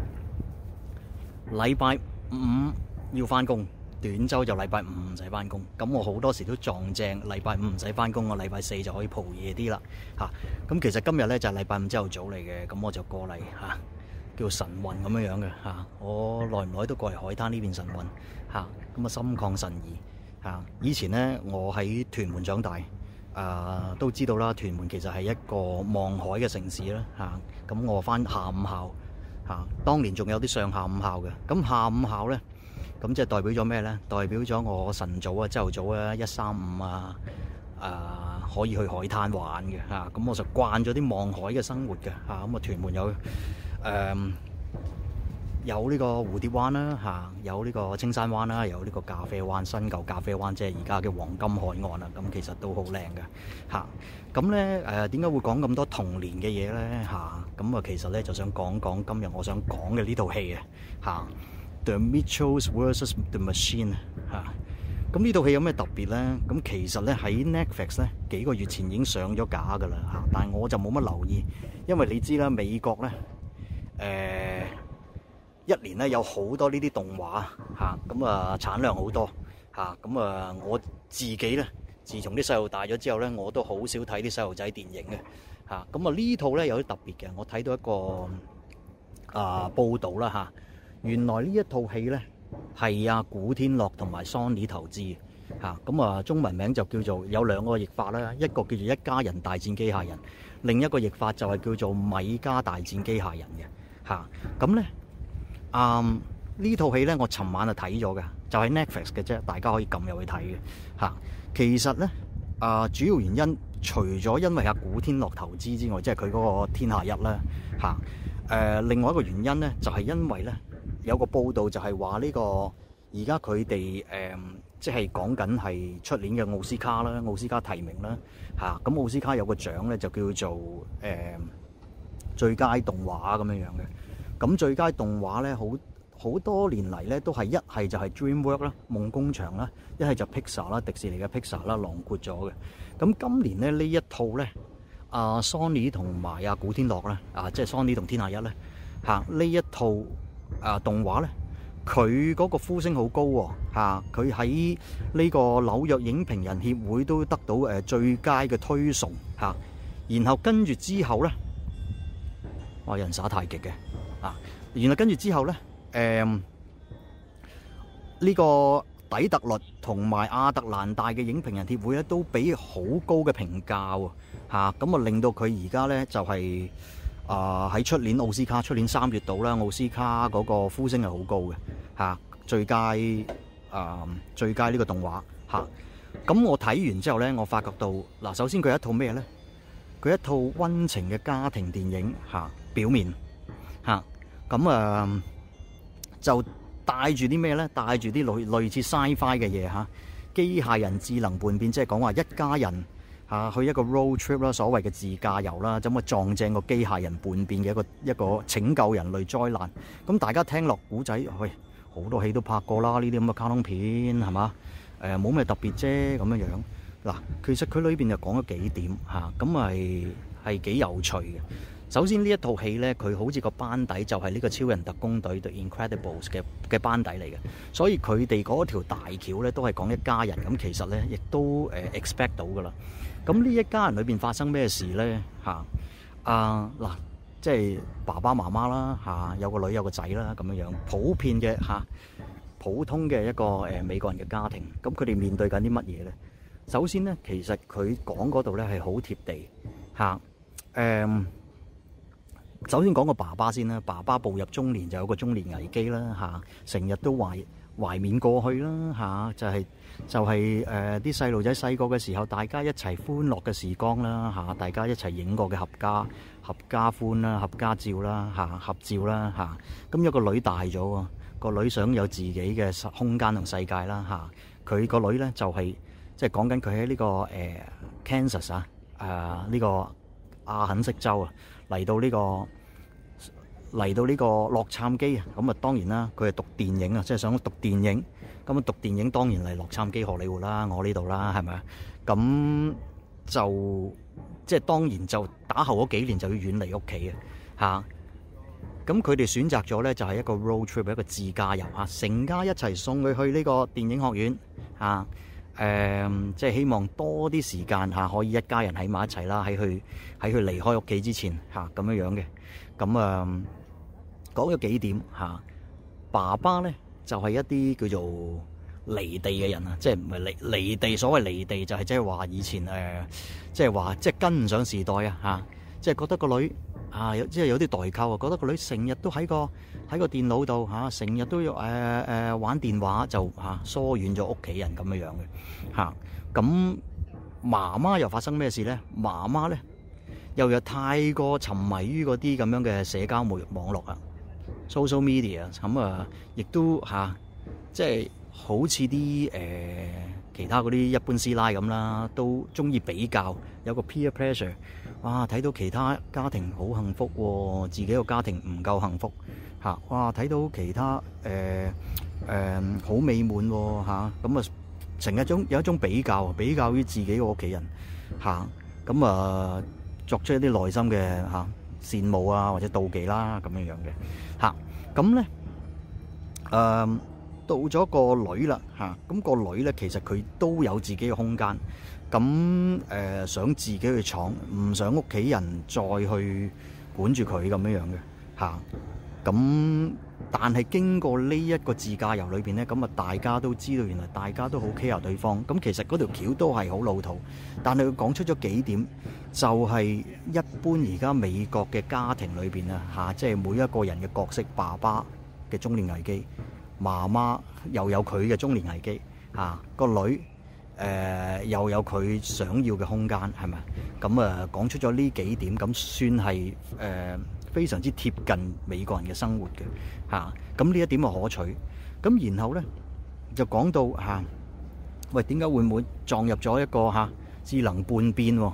禮拜五要返工，短週就禮拜五唔使返工。咁我好多時都撞正禮拜五唔使返工，我禮拜四就可以蒲夜啲啦。嚇咁其實今日呢，就係禮拜五朝頭早嚟嘅，咁我就過嚟叫做晨運咁樣樣嘅。我耐唔耐都過嚟海灘呢邊晨運嚇，咁啊心曠神怡。以前呢，我喺屯門長大，啊、都知道啦，屯門其實係一個望海嘅城市啦嚇。咁我翻下午校。當年仲有啲上下午校嘅，咁下午考咧，咁即係代表咗咩咧？代表咗我晨早,早 1, 3, 5, 啊、朝頭早啊、一三五啊，誒，可以去海灘玩嘅吓，咁、啊、我就慣咗啲望海嘅生活嘅吓，咁啊,啊，屯門有誒。啊有呢個蝴蝶灣啦，嚇有呢個青山灣啦，有呢個咖啡灣、新舊咖啡灣，即係而家嘅黃金海岸啦。咁其實都好靚嘅嚇。咁咧誒，點解會講咁多童年嘅嘢咧嚇？咁啊，其實咧就想講講今日我想講嘅呢套戲啊嚇，《The Mitchells vs the Machine》嚇。咁呢套戲有咩特別咧？咁其實咧喺 Netflix 咧幾個月前已經上咗架噶啦嚇，但係我就冇乜留意，因為你知啦，美國咧誒。呃一年咧有好多呢啲動畫嚇，咁啊，啊產量好多嚇，咁啊，啊我自己咧，自從啲細路大咗之後咧，我都好少睇啲細路仔電影嘅嚇。咁啊呢、啊、套咧有啲特別嘅，我睇到一個啊報導啦嚇，原來呢一套戲咧係阿古天樂同埋 Sony 投資嚇，咁啊，啊中文名就叫做有兩個譯法啦，一個叫做《一家人大戰機械人》，另一個譯法就係叫做《米家大戰機械人》嘅、啊、嚇。咁咧。嗯，呢套戲咧，我尋晚就睇咗嘅，就喺、是、Netflix 嘅啫，大家可以撳入去睇嘅吓。其實咧，啊，主要原因除咗因為阿古天樂投資之外，即係佢嗰個天下一啦吓。誒、啊啊，另外一個原因咧，就係、是、因為咧有個報道就係話呢個而家佢哋誒，即係講緊係出年嘅奧斯卡啦，奧斯卡提名啦吓。咁、啊、奧斯卡有個獎咧，就叫做誒、啊、最佳動畫咁樣樣嘅。咁最佳動畫咧，好好多年嚟咧都係一係就係 Dreamwork 啦、夢工場啦，一係就 Pixar 啦、迪士尼嘅 Pixar 啦，囊括咗嘅。咁今年咧呢一套咧，阿、啊、Sony 同埋阿古天樂咧，啊即係、就是、Sony 同天下一咧吓，呢、啊、一套啊動畫咧，佢嗰個呼聲好高吓、啊，佢喺呢個紐約影評人協會都得到誒最佳嘅推崇，吓、啊。然後跟住之後咧，哇！人耍太極嘅。啊！然後跟住之後咧，誒、嗯，呢、這個底特律同埋亞特蘭大嘅影評人協會咧，都俾好高嘅評價，吓咁啊、嗯，令到佢而家咧就係、是、啊喺出年奧斯卡，出年三月度啦，奧斯卡嗰個呼聲係好高嘅，吓、啊、最佳啊最佳呢個動畫吓。咁、啊嗯、我睇完之後咧，我發覺到嗱、啊，首先佢係一套咩咧？佢一套溫情嘅家庭電影吓、啊，表面。咁啊、嗯、就帶住啲咩咧？帶住啲類類似 sci-fi 嘅嘢嚇，機械人智能叛變，即係講話一家人去一個 road trip 啦，所謂嘅自駕遊啦，咁啊撞正個機械人叛變嘅一個一個拯救人類災難。咁、嗯、大家聽落古仔，喂、哎，好多戲都拍過啦，呢啲咁嘅卡通片係嘛？冇咩、呃、特別啫咁樣樣。嗱，其實佢裏面又講咗幾點嚇，咁係係幾有趣嘅。首先呢一套戲咧，佢好似個班底就係呢個超人特工隊對 Incredibles 嘅嘅班底嚟嘅，所以佢哋嗰條大橋咧都係講一家人咁。其實咧亦都誒 expect 到㗎喇。咁呢一家人裏邊發生咩事咧吓？啊嗱，即係爸爸媽媽啦吓，有個女有個仔啦咁樣樣，普遍嘅吓、啊，普通嘅一個誒美國人嘅家庭。咁佢哋面對緊啲乜嘢咧？首先咧，其實佢講嗰度咧係好貼地吓誒。啊嗯首先講個爸爸先啦，爸爸步入中年就有個中年危機啦嚇，成、啊、日都懷懷緬過去啦嚇、啊，就係、是、就係誒啲細路仔細個嘅時候，大家一齊歡樂嘅時光啦嚇、啊，大家一齊影過嘅合家合家歡啦、合家照啦嚇、啊、合照啦嚇。咁、啊、有、嗯、個女大咗喎，個女想有自己嘅空間同世界啦嚇，佢、啊就係就係呢個女咧就係即係講緊佢喺呢個誒 Kansas 啊誒呢、呢個阿肯色州啊。嚟到呢個嚟到呢個洛杉磯啊，咁啊當然啦，佢係讀電影啊，即係想讀電影。咁啊讀電影當然嚟洛杉磯荷里活啦，我呢度啦，係咪啊？咁就即係當然就打後嗰幾年就要遠離屋企啊。嚇咁佢哋選擇咗咧，就係一個 road trip，一個自駕遊啊，成家一齊送佢去呢個電影學院啊。誒、嗯，即係希望多啲時間嚇，可以一家人喺埋一齊啦，喺佢喺佢離開屋企之前嚇咁樣樣嘅。咁、嗯、啊，講咗幾點嚇？爸爸咧就係、是、一啲叫做離地嘅人啊，即係唔係離離地？所謂離地就係即係話以前誒、呃，即係話即係跟唔上時代啊嚇！即係覺得個女啊，有即係有啲代溝啊，覺得個女成日都喺個。喺個電腦度嚇，成、啊、日都要誒誒玩電話，就嚇、啊、疏遠咗屋企人咁樣、啊、樣嘅嚇。咁媽媽又發生咩事咧？媽媽咧又又太過沉迷於嗰啲咁樣嘅社，、啊、社交媒網絡啊，social media 啊，咁啊亦都嚇、啊，即係好似啲誒、呃、其他嗰啲一般師奶咁啦，都鍾意比較，有個 peer pressure，哇、啊！睇到其他家庭好幸福、啊，自己個家庭唔夠幸福、啊。吓哇！睇到其他誒誒好美滿喎嚇，咁啊成日一種有一種比較，比較於自己個屋企人嚇，咁啊，啊作出一啲內心嘅嚇、啊、羨慕啊，或者妒忌啦、啊、咁樣、啊、樣嘅嚇，咁咧誒到咗個女啦嚇，咁、啊個女咧其實佢都有自己嘅空間，咁、啊、誒想自己去闖，唔想屋企人再去管住佢咁樣樣嘅嚇。啊。咁，但係經過呢一個自駕遊裏邊呢，咁啊大家都知道，原來大家都好 care 對方。咁其實嗰條橋都係好老土，但係佢講出咗幾點，就係、是、一般而家美國嘅家庭裏邊啊吓，即、就、係、是、每一個人嘅角色，爸爸嘅中年危機，媽媽又有佢嘅中年危機，吓、啊，個女誒、呃、又有佢想要嘅空間，係咪？咁啊講出咗呢幾點，咁算係誒。呃非常之貼近美國人嘅生活嘅嚇，咁、啊、呢一點係可取。咁然後咧就講到嚇、啊，喂，點解會唔會撞入咗一個嚇、啊、智能半邊、啊、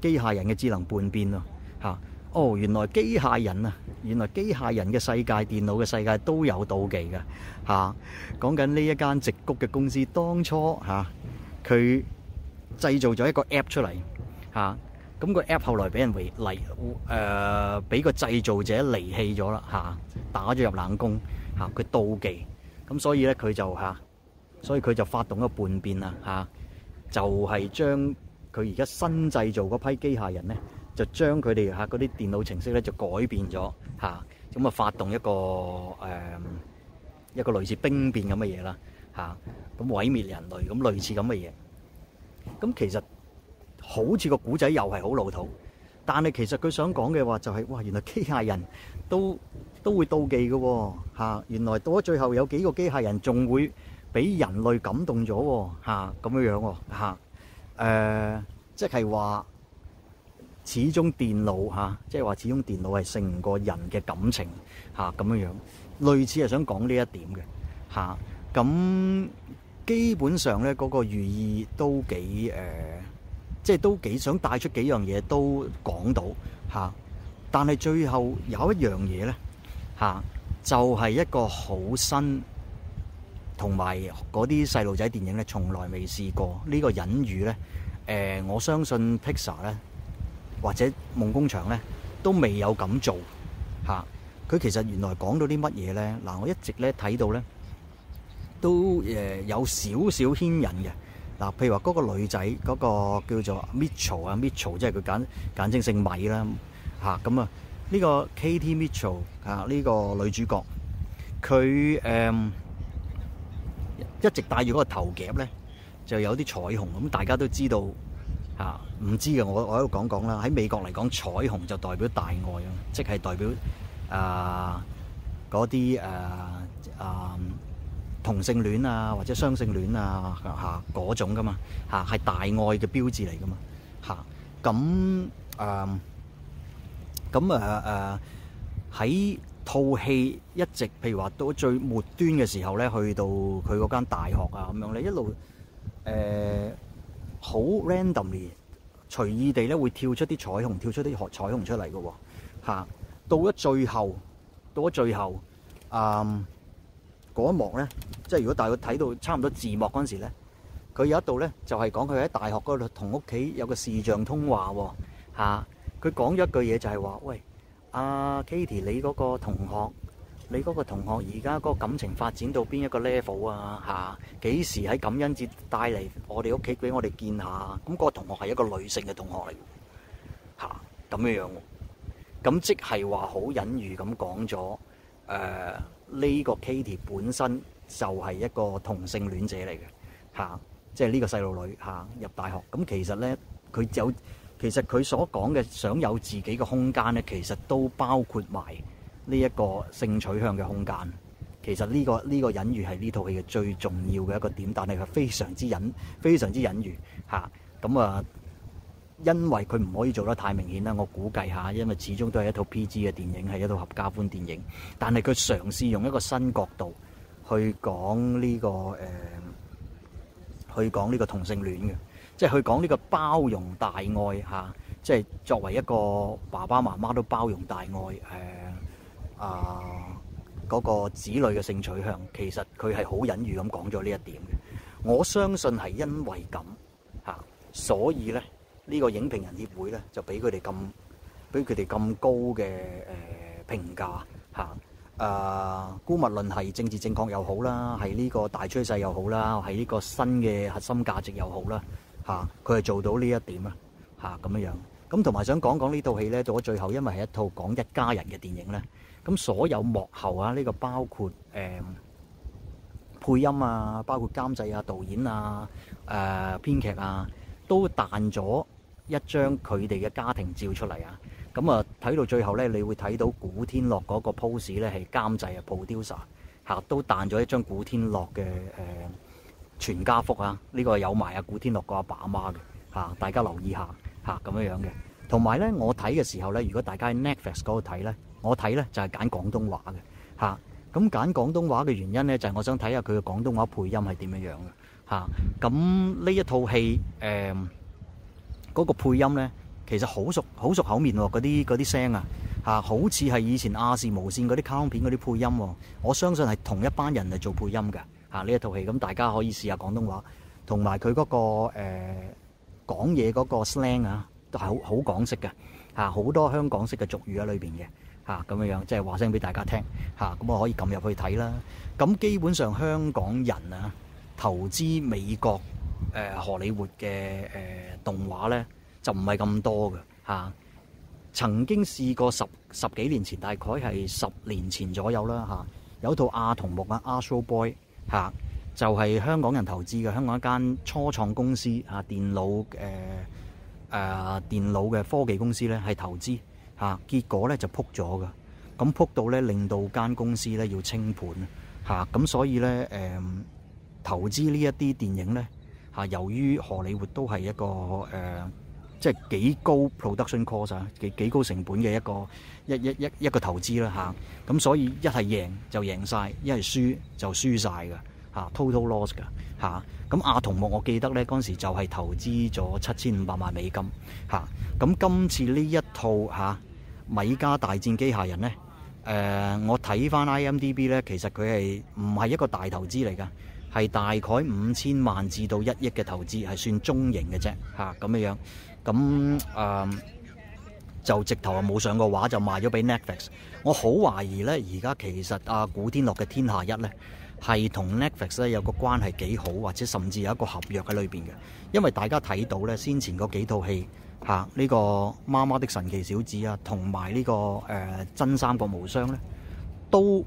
機械人嘅智能半邊咯嚇？哦，原來機械人啊，原來機械人嘅世界、電腦嘅世界都有妒忌嘅嚇、啊。講緊呢一間直谷嘅公司，當初嚇佢、啊、製造咗一個 app 出嚟嚇。啊咁個 app 後來俾人離離誒，俾個製造者離棄咗啦嚇，打咗入冷宮嚇。佢妒忌，咁所以咧佢就嚇，所以佢就發動咗個叛變啦嚇，就係、是、將佢而家新製造嗰批機械人咧，就將佢哋嚇嗰啲電腦程式咧就改變咗嚇，咁啊發動一個誒、呃、一個類似兵變咁嘅嘢啦嚇，咁毀滅人類咁類似咁嘅嘢。咁其實～好似個古仔又係好老土，但係其實佢想講嘅話就係、是：哇，原來機械人都都會妒忌嘅喎、啊，原來到咗最後有幾個機械人仲會俾人類感動咗喎，咁、啊、樣樣、啊、喎、啊，即係話始終電腦、啊、即係話始終電腦係成個人嘅感情咁、啊、樣樣類似係想講呢一點嘅咁、啊、基本上咧嗰、那個寓意都幾、呃即係都幾想帶出幾樣嘢都講到嚇，但係最後有一樣嘢咧嚇，就係一個好新同埋嗰啲細路仔電影咧，從來未試過呢個隱喻咧。誒，我相信 Pixar 咧或者夢工場咧都未有咁做嚇。佢其實原來講到啲乜嘢咧？嗱，我一直咧睇到咧都誒有少少牽引嘅。嗱，譬如話嗰，那個女仔嗰，那個叫做 Mitchell 啊，Mitchell 即係佢簡簡稱姓米啦嚇咁啊，呢，這個 Katie Mitchell 啊，呢，這個女主角，佢誒，嗯、一直戴住嗰個頭夾咧，就有啲彩虹咁，嗯，大家都知道嚇唔，啊、知嘅，我我喺度講講啦，喺美國嚟講，彩虹就代表大愛是表啊，即係代表啊嗰啲誒啊～啊同性戀啊，或者雙性戀啊，嚇、啊、嗰種噶嘛，嚇、啊、係大愛嘅標誌嚟噶嘛，嚇咁誒咁誒誒喺套戲一直，譬如話到最末端嘅時候咧，去到佢嗰間大學啊咁樣咧，一路誒好 randomly 隨意地咧，地會跳出啲彩虹，跳出啲學彩虹出嚟嘅喎，到咗最後，到咗最後誒，啊嗰一幕咧，即係如果大家睇到差唔多字幕嗰陣時咧，佢有一度咧就係講佢喺大學嗰度同屋企有個視像通話喎、哦，吓、啊，佢講咗一句嘢就係話，喂，阿、啊、Kitty，你嗰個同學，你嗰個同學而家個感情發展到邊一個 level 啊，吓、啊，幾時喺感恩節帶嚟我哋屋企俾我哋見下，咁、那個同學係一個女性嘅同學嚟，吓、啊，咁樣樣、哦，咁即係話好隱喻咁講咗，誒、呃。呢個 Katie 本身就係一個同性戀者嚟嘅，嚇，即係呢個細路女嚇入大學。咁其實咧，佢有其實佢所講嘅想有自己嘅空間咧，其實都包括埋呢一個性取向嘅空間。其實呢個呢個隱喻係呢套戲嘅最重要嘅一個點，但係佢非常之隱，非常之隱喻嚇。咁啊～、嗯因為佢唔可以做得太明顯啦，我估計下，因為始終都係一套 PG 嘅電影，係一套合家歡電影。但係佢嘗試用一個新角度去講呢、這個、呃、去講呢個同性戀嘅，即係去講呢個包容大愛嚇、啊。即係作為一個爸爸媽媽都包容大愛誒啊嗰、啊那個子女嘅性取向，其實佢係好隱喻咁講咗呢一點嘅。我相信係因為咁嚇、啊，所以咧。呢個影評人協會咧，就俾佢哋咁，俾佢哋咁高嘅誒評價嚇。誒，無論係政治正確又好啦，係呢個大趨勢又好啦，係呢個新嘅核心價值又好啦。嚇，佢係做到呢一點啦。嚇咁樣樣，咁同埋想講講呢套戲咧，到咗最後，因為係一套講一家人嘅電影咧，咁所有幕後啊，呢個包括誒配音啊，包括監製啊、導演啊、誒編劇啊，都彈咗。一張佢哋嘅家庭照出嚟啊！咁啊睇到最後咧，你會睇到古天樂嗰個 pose 咧係監製啊，producer 嚇都彈咗一張古天樂嘅誒、呃、全家福啊！呢、這個有埋阿古天樂個阿爸阿媽嘅嚇，大家留意下嚇咁樣樣嘅。同埋咧，我睇嘅時候咧，如果大家喺 Netflix 嗰度睇咧，我睇咧就係揀廣東話嘅嚇。咁、啊、揀廣東話嘅原因咧，就係、是、我想睇下佢嘅廣東話配音係點樣樣嘅嚇。咁、啊、呢一套戲誒。呃嗰個配音咧，其實好熟好熟口面喎，嗰啲啲聲啊，嚇、啊、好似係以前亞視無線嗰啲卡通片嗰啲配音喎、啊。我相信係同一班人嚟做配音㗎，嚇呢一套戲。咁大家可以試下廣東話，同埋佢嗰個誒、呃、講嘢嗰個 slang 啊，都係好好港式嘅，嚇好多香港式嘅俗語喺裏邊嘅，嚇、啊、咁樣樣即係話聲俾大家聽，嚇、啊、咁我可以撳入去睇啦。咁基本上香港人啊，投資美國。誒、呃、荷里活嘅誒、呃、動畫咧，就唔係咁多嘅嚇、啊。曾經試過十十幾年前，大概係十年前左右啦嚇、啊。有一套亞童木啊，啊《Astro Boy》嚇，就係香港人投資嘅，香港一間初創公司嚇、啊，電腦誒誒、呃呃、電腦嘅科技公司咧，係投資嚇、啊。結果咧就撲咗㗎，咁撲到咧令到間公司咧要清盤嚇。咁、啊、所以咧誒、嗯、投資呢一啲電影咧。啊，由於荷里活都係一個誒、呃，即係幾高 production cost 啊，幾幾高成本嘅一個一一一一,一個投資啦嚇。咁、啊、所以一係贏就贏晒，一係輸就輸晒噶嚇，total loss 噶嚇。咁亞童木，我記得咧嗰陣時就係投資咗七千五百萬美金嚇。咁、啊、今次呢一套嚇、啊《米加大戰機械人呢》咧、呃，誒我睇翻 IMDB 咧，其實佢係唔係一個大投資嚟㗎？係大概五千萬至到一億嘅投資，係算中型嘅啫，嚇咁嘅樣。咁誒、嗯、就直頭啊冇上過畫，就賣咗俾 Netflix。我好懷疑呢，而家其實啊古天樂嘅天下一呢，係同 Netflix 咧有個關係幾好，或者甚至有一個合約喺裏邊嘅。因為大家睇到呢先前嗰幾套戲嚇，呢、啊這個媽媽的神奇小子啊，同埋呢個誒、呃、真三國無雙呢，都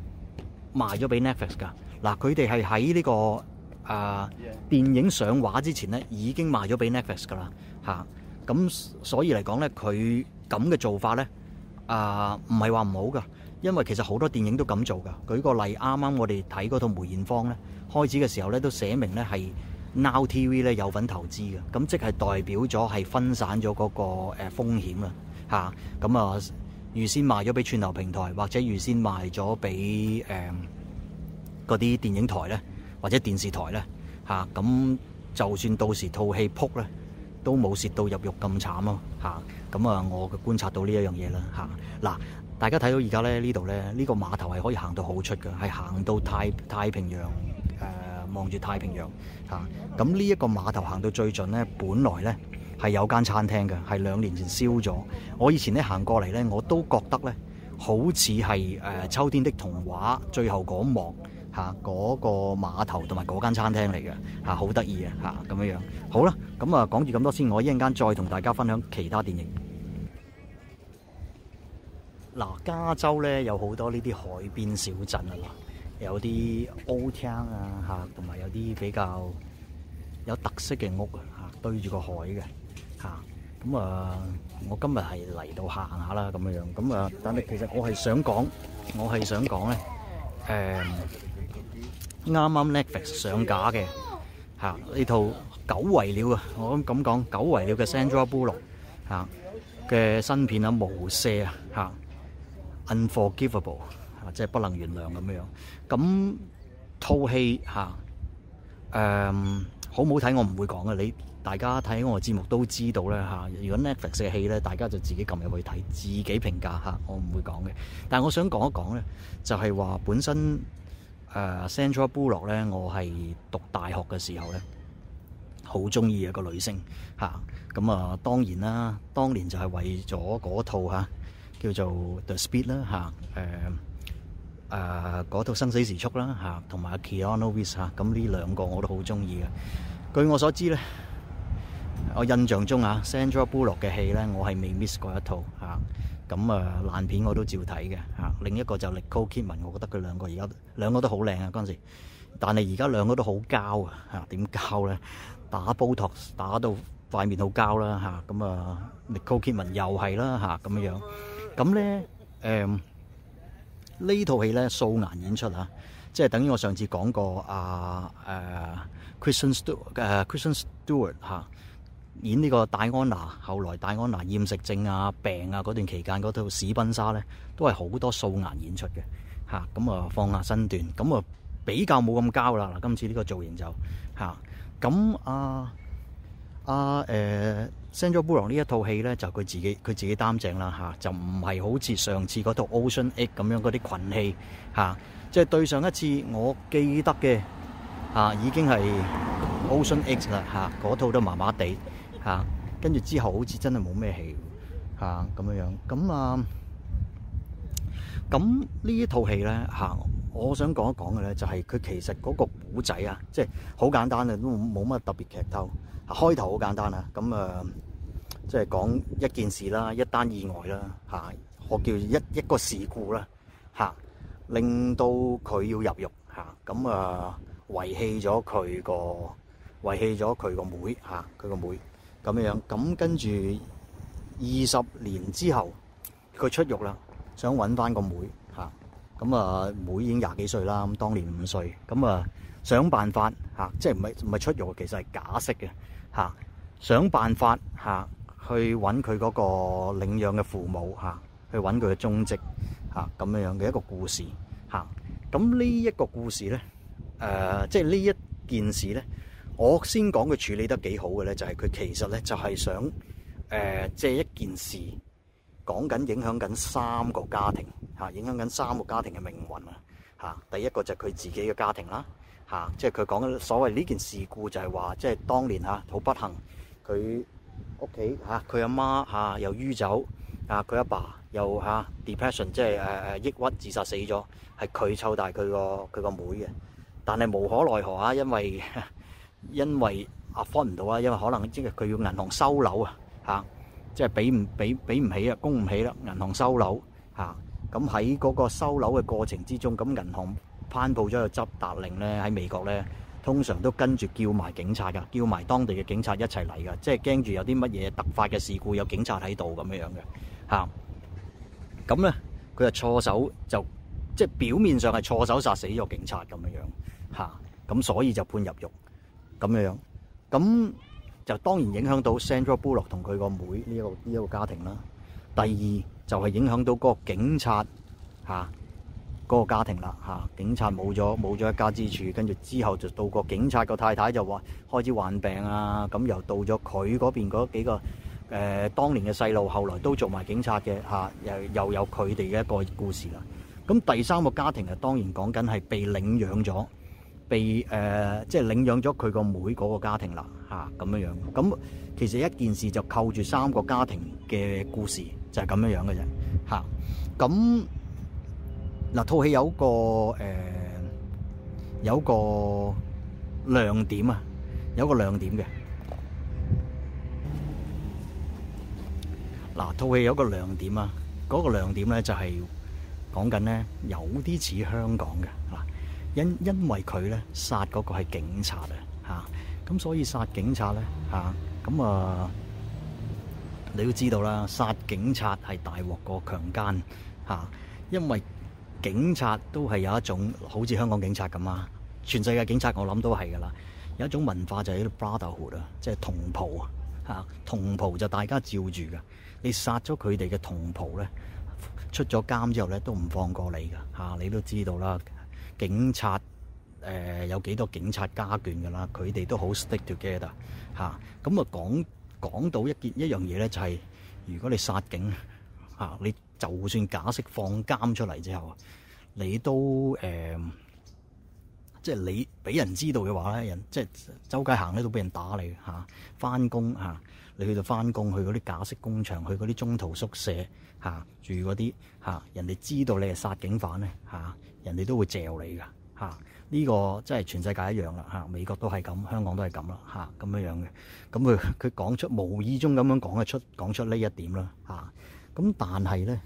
賣咗俾 Netflix 㗎。嗱，佢哋係喺呢個啊、呃、Yeah. 電影上畫之前咧，已經賣咗俾 Netflix 噶啦嚇。咁、啊、所以嚟講咧，佢咁嘅做法咧啊，唔係話唔好噶，因為其實好多電影都咁做噶。舉個例，啱啱我哋睇嗰套梅艷芳咧，開始嘅時候咧都寫明咧係 Now TV 咧有份投資嘅，咁、啊、即係代表咗係分散咗嗰、那個誒、啊、風險啊嚇。咁啊，預先賣咗俾串流平台，或者預先賣咗俾誒，啊嗰啲電影台呢，或者電視台呢，嚇、啊、咁就算到時套戲撲呢，都冇蝕到入獄咁慘咯，嚇咁啊！啊，我觀察到呢一樣嘢啦，嚇、啊、嗱，大家睇到而家呢呢度呢，呢、呢個碼頭係可以行到好出嘅，係行到太太平洋誒、呃，望住太平洋嚇咁，呢一個碼頭行到最盡呢，本來呢係有間餐廳嘅，係兩年前燒咗。我以前呢行過嚟呢，我都覺得呢好似係誒秋天的童話最後嗰一幕。嚇，嗰、啊那個碼頭同埋嗰間餐廳嚟嘅，嚇好得意嘅，嚇咁樣樣。好啦，咁啊講住咁多先，我一陣間再同大家分享其他電影。嗱、啊，加州咧有好多呢啲海邊小鎮啊，有啲 Old Town 啊，嚇、啊，同埋有啲比較有特色嘅屋啊，嚇，對住個海嘅，嚇。咁啊，我今日係嚟到行下啦，咁樣樣。咁啊，但係其實我係想講，我係想講咧。誒，啱啱 Netflix 上架嘅，嚇，呢套久違了啊！我咁講久違了嘅 Sandra Bullock，嚇，嘅新片啊，無赦啊，嚇 Unforgivable 嚇，即係不能原諒咁樣。咁套戲嚇，誒好唔好睇我唔會講嘅你。大家睇我嘅節目都知道咧嚇。如果 Netflix 嘅戲咧，大家就自己撳入去睇，自己評價嚇。我唔會講嘅。但係我想講一講咧，就係、是、話本身誒，Sandra Bullock 咧，啊、ock, 我係讀大學嘅時候咧，好中意一個女星。嚇、啊。咁啊，當然啦，當年就係為咗嗰套嚇叫做 The Speed 啦、啊、嚇，誒誒嗰套生死時速啦嚇，同埋 Keanu Reeves 嚇，咁呢、啊、兩個我都好中意嘅。據我所知咧。我印象中啊 Sandra Bullock 嘅戲咧，我係未 miss 過一套啊。咁啊，爛片我都照睇嘅啊。另一個就 Nicole Kidman 我覺得佢兩個而家兩個都好靚啊嗰陣時。但係而家兩個都好膠啊嚇。點膠咧？打 Botox 打到塊面好膠啦嚇。咁啊,啊 Nicole Kidman 又係啦嚇咁樣樣。咁咧誒呢套戲咧素顏演出啊，即係等於我上次講過啊誒 Christian St 誒 Christian Stewart 嚇、啊。演呢個戴安娜，後來戴安娜厭食症啊病啊嗰段期間嗰套《史賓莎》咧，都係好多素顏演出嘅嚇，咁啊放下身段，咁啊比較冇咁膠啦。嗱，今次呢個造型就嚇，咁阿阿誒珊迪娜布洛呢一套戲咧，就佢自己佢自己擔正啦嚇、啊，就唔係好似上次嗰套《Ocean's 8》咁樣嗰啲群戲嚇，即、啊、係、就係、對上一次我記得嘅。啊，已經係 Ocean X 啦。嚇、啊，嗰套都麻麻地嚇，跟、啊、住之後好似真係冇咩戲嚇咁樣樣咁啊。咁呢、啊啊、一套戲咧嚇、啊，我想講一講嘅咧就係佢其實嗰個古仔啊，即係好簡單啊，都冇乜特別劇透。啊、開頭好簡單啊，咁啊，即係講一件事啦，一單意外啦嚇、啊，我叫一一個事故啦嚇、啊，令到佢要入獄嚇，咁啊。啊遺棄咗佢個，遺棄咗佢個妹嚇，佢個妹咁樣咁，跟住二十年之後，佢出獄啦，想揾翻個妹嚇，咁啊，妹已經廿幾歲啦，咁當年五歲，咁啊想辦法嚇，即係唔係唔係出獄，其實係假釋嘅嚇，想辦法嚇去揾佢嗰個領養嘅父母嚇，去揾佢嘅蹤跡嚇，咁樣樣嘅一個故事嚇，咁呢一個故事咧。誒、呃，即係呢一件事咧，我先講佢處理得幾好嘅咧，就係、是、佢其實咧就係想即借、呃、一件事講緊影響緊三個家庭嚇、啊，影響緊三個家庭嘅命運啊嚇。第一個就係佢自己嘅家庭啦嚇、啊，即係佢講嘅所謂呢件事故就係話，即係當年嚇好、啊、不幸，佢屋企嚇佢阿媽嚇又於走啊，佢阿、啊啊、爸，爸又嚇、啊、depression 即係誒誒抑鬱自殺死咗，係佢湊大佢個佢個妹嘅。但係無可奈何啊，因為因為阿方唔到啊，因為可能即係佢要銀行收樓啊，嚇，即係俾唔俾俾唔起啊，供唔起啦，銀行收樓嚇。咁喺嗰個收樓嘅過程之中，咁銀行頒布咗個執達令咧，喺美國咧通常都跟住叫埋警察噶，叫埋當地嘅警察一齊嚟噶，即係驚住有啲乜嘢突發嘅事故，有警察喺度咁樣樣嘅嚇。咁咧佢就錯手就即係表面上係錯手殺死咗個警察咁樣樣。嚇，咁、啊、所以就判入獄咁嘅樣，咁就當然影響到 Sandra Bullock 同佢、這個妹呢一個呢一個家庭啦。第二就係、是、影響到嗰個警察嚇嗰、啊、那個家庭啦嚇、啊，警察冇咗冇咗一家之主，跟住之後就到個警察個太太就話開始患病啊，咁、啊、又到咗佢嗰邊嗰幾個、呃、當年嘅細路，後來都做埋警察嘅嚇、啊，又又有佢哋嘅一個故事啦。咁、啊、第三個家庭啊，當然講緊係被領養咗。被誒、呃、即係領養咗佢個妹嗰個家庭啦嚇，咁樣樣，咁其實一件事就扣住三個家庭嘅故事就係、是、咁樣、啊、這樣嘅啫嚇。咁、啊、嗱套戲有個誒、呃、有個亮點啊，有個亮點嘅嗱、啊、套戲有個亮點啊，嗰、那個亮點咧就係、是、講緊咧有啲似香港嘅嗱。啊因因為佢咧殺嗰個係警察啊，嚇咁所以殺警察咧嚇咁啊，你都知道啦，殺警察係大鑊過強姦。嚇、啊，因為警察都係有一種好似香港警察咁啊，全世界警察我諗都係噶啦，有一種文化就係啲 brotherhood 啊，即係同袍啊，嚇同袍就大家照住噶，你殺咗佢哋嘅同袍咧，出咗監之後咧都唔放過你噶嚇、啊，你都知道啦。警察、呃、有幾多警察家眷㗎啦？佢哋都好 stick together 吓咁啊，講講到一件一樣嘢咧，就係如果你殺警、啊、你就算假釋放監出嚟之後，你都、呃即係你俾人知道嘅話咧，人即係周街行咧都俾人打你嚇。翻工嚇，你去到翻工，去嗰啲假式工場，去嗰啲中途宿舍嚇、啊、住嗰啲嚇，人哋知道你係殺警犯咧嚇、啊，人哋都會嚼你噶嚇。呢、啊呢個真係全世界一樣啦嚇、啊，美國都係咁、啊，香港都係咁啦嚇，咁、啊、樣樣嘅。咁佢佢講出無意中咁樣講得出講出呢一點啦嚇。咁、啊、但係咧，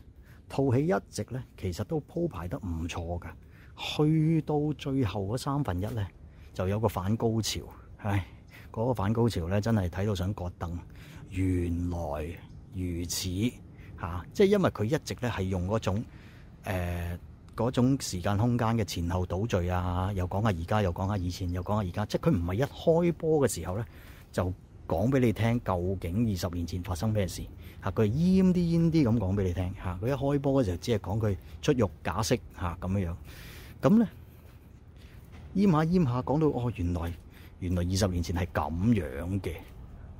套戲一直咧其實都鋪排得唔錯㗎。去到最後三分一呢，就有個反高潮，係嗰、嗰個反高潮呢，真係睇到想割凳。原來如此嚇、啊，即係因為佢一直呢係用嗰種誒嗰、呃、種時間空間嘅前後倒序啊，又講下而家，又講下，又講下以前，又講下而家。即係佢唔係一開波嘅時候呢，就講俾你聽究竟二十年前發生咩事嚇。佢謠啲謠啲咁講俾你聽嚇。佢、啊、一開波嘅時候只係講佢出獄假釋嚇咁樣樣。咁咧，唂下唂下，講到哦，原來原來二十年前係咁樣嘅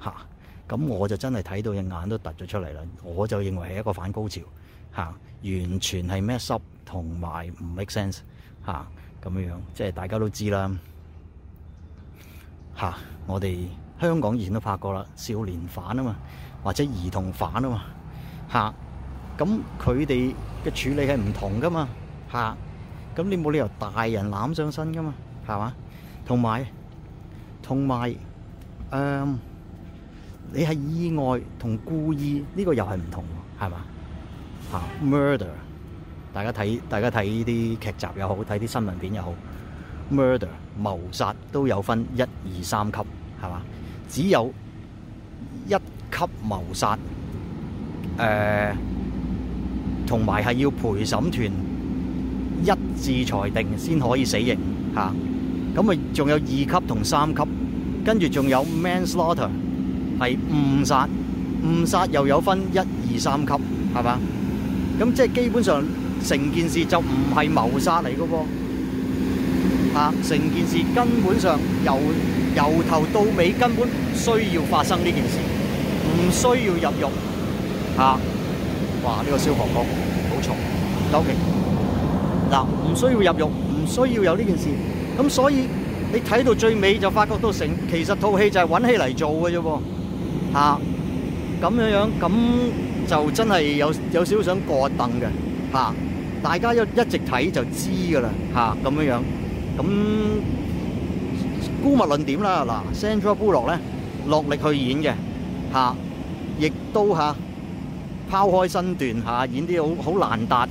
嚇。咁、啊、我就真係睇到隻眼都突咗出嚟啦。我就認為係一個反高潮吓、啊、完全係咩濕同埋唔 make sense 嚇咁樣樣，即係大家都知啦吓、啊、我哋香港以前都拍過啦，《少年犯》啊嘛，或者兒童犯啊嘛嚇。咁佢哋嘅處理係唔同噶嘛、啊咁你冇理由大人攬上身㗎嘛，係嘛？同埋，同埋，嗯，你係意外同故意呢個又係唔同，係嘛？嚇，Murder，大家睇，大家睇呢啲劇集又好，睇啲新聞片又好，Murder 謀殺都有分一、二、三級，係嘛？只有一級謀殺，誒，同埋係要陪審團。一字裁定先可以死刑吓，咁啊，仲有二級同三級，跟住仲有 manslaughter，係誤殺，誤殺又有分一二三級，係嘛？咁即係基本上成件事就唔係謀殺嚟噶噃吓，成件事根本上由由頭到尾根本唔需要發生呢件事，唔需要入獄吓，哇！呢個消防局好重，收皮。嗱，唔需要入獄，唔需要有呢件事，咁所以你睇到最尾就發覺到成，其實套戲就係搵起嚟做嘅啫，吓咁樣樣，咁就真係有有少少想過凳嘅，吓、啊、大家一一直睇就知噶啦，吓咁樣樣，咁姑勿論點啦，嗱，Sandra Bullock 咧落力去演嘅，吓、啊、亦都吓拋、啊、開身段吓、啊，演啲好好難達。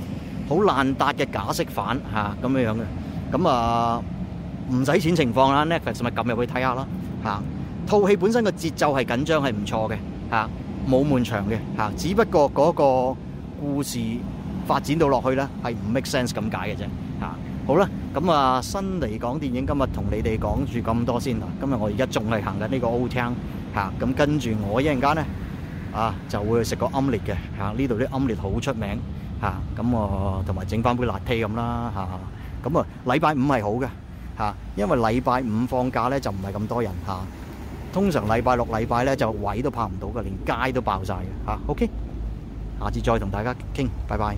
好難達嘅假釋犯嚇咁樣樣嘅，咁啊唔使錢情況啦，Netflix 咪撳入去睇下啦嚇。套戲本身嘅節奏係緊張係唔錯嘅嚇，冇悶場嘅嚇，只不過嗰個故事發展到落去咧係唔 make sense 咁解嘅啫嚇。好啦，咁啊新嚟講電影今日同你哋講住咁多先啦，今日我而家仲係行緊呢個 Old Town 嚇，咁跟住我一陣間咧啊就會食個奄列嘅嚇，呢度啲奄列好出名。吓咁啊，同埋整翻杯辣 t 咁啦吓，咁啊禮拜、啊啊、五係好嘅吓、啊，因為禮拜五放假咧就唔係咁多人吓、啊，通常禮拜六禮拜咧就位都泊唔到嘅，連街都爆晒嘅吓。OK，下次再同大家傾，拜拜。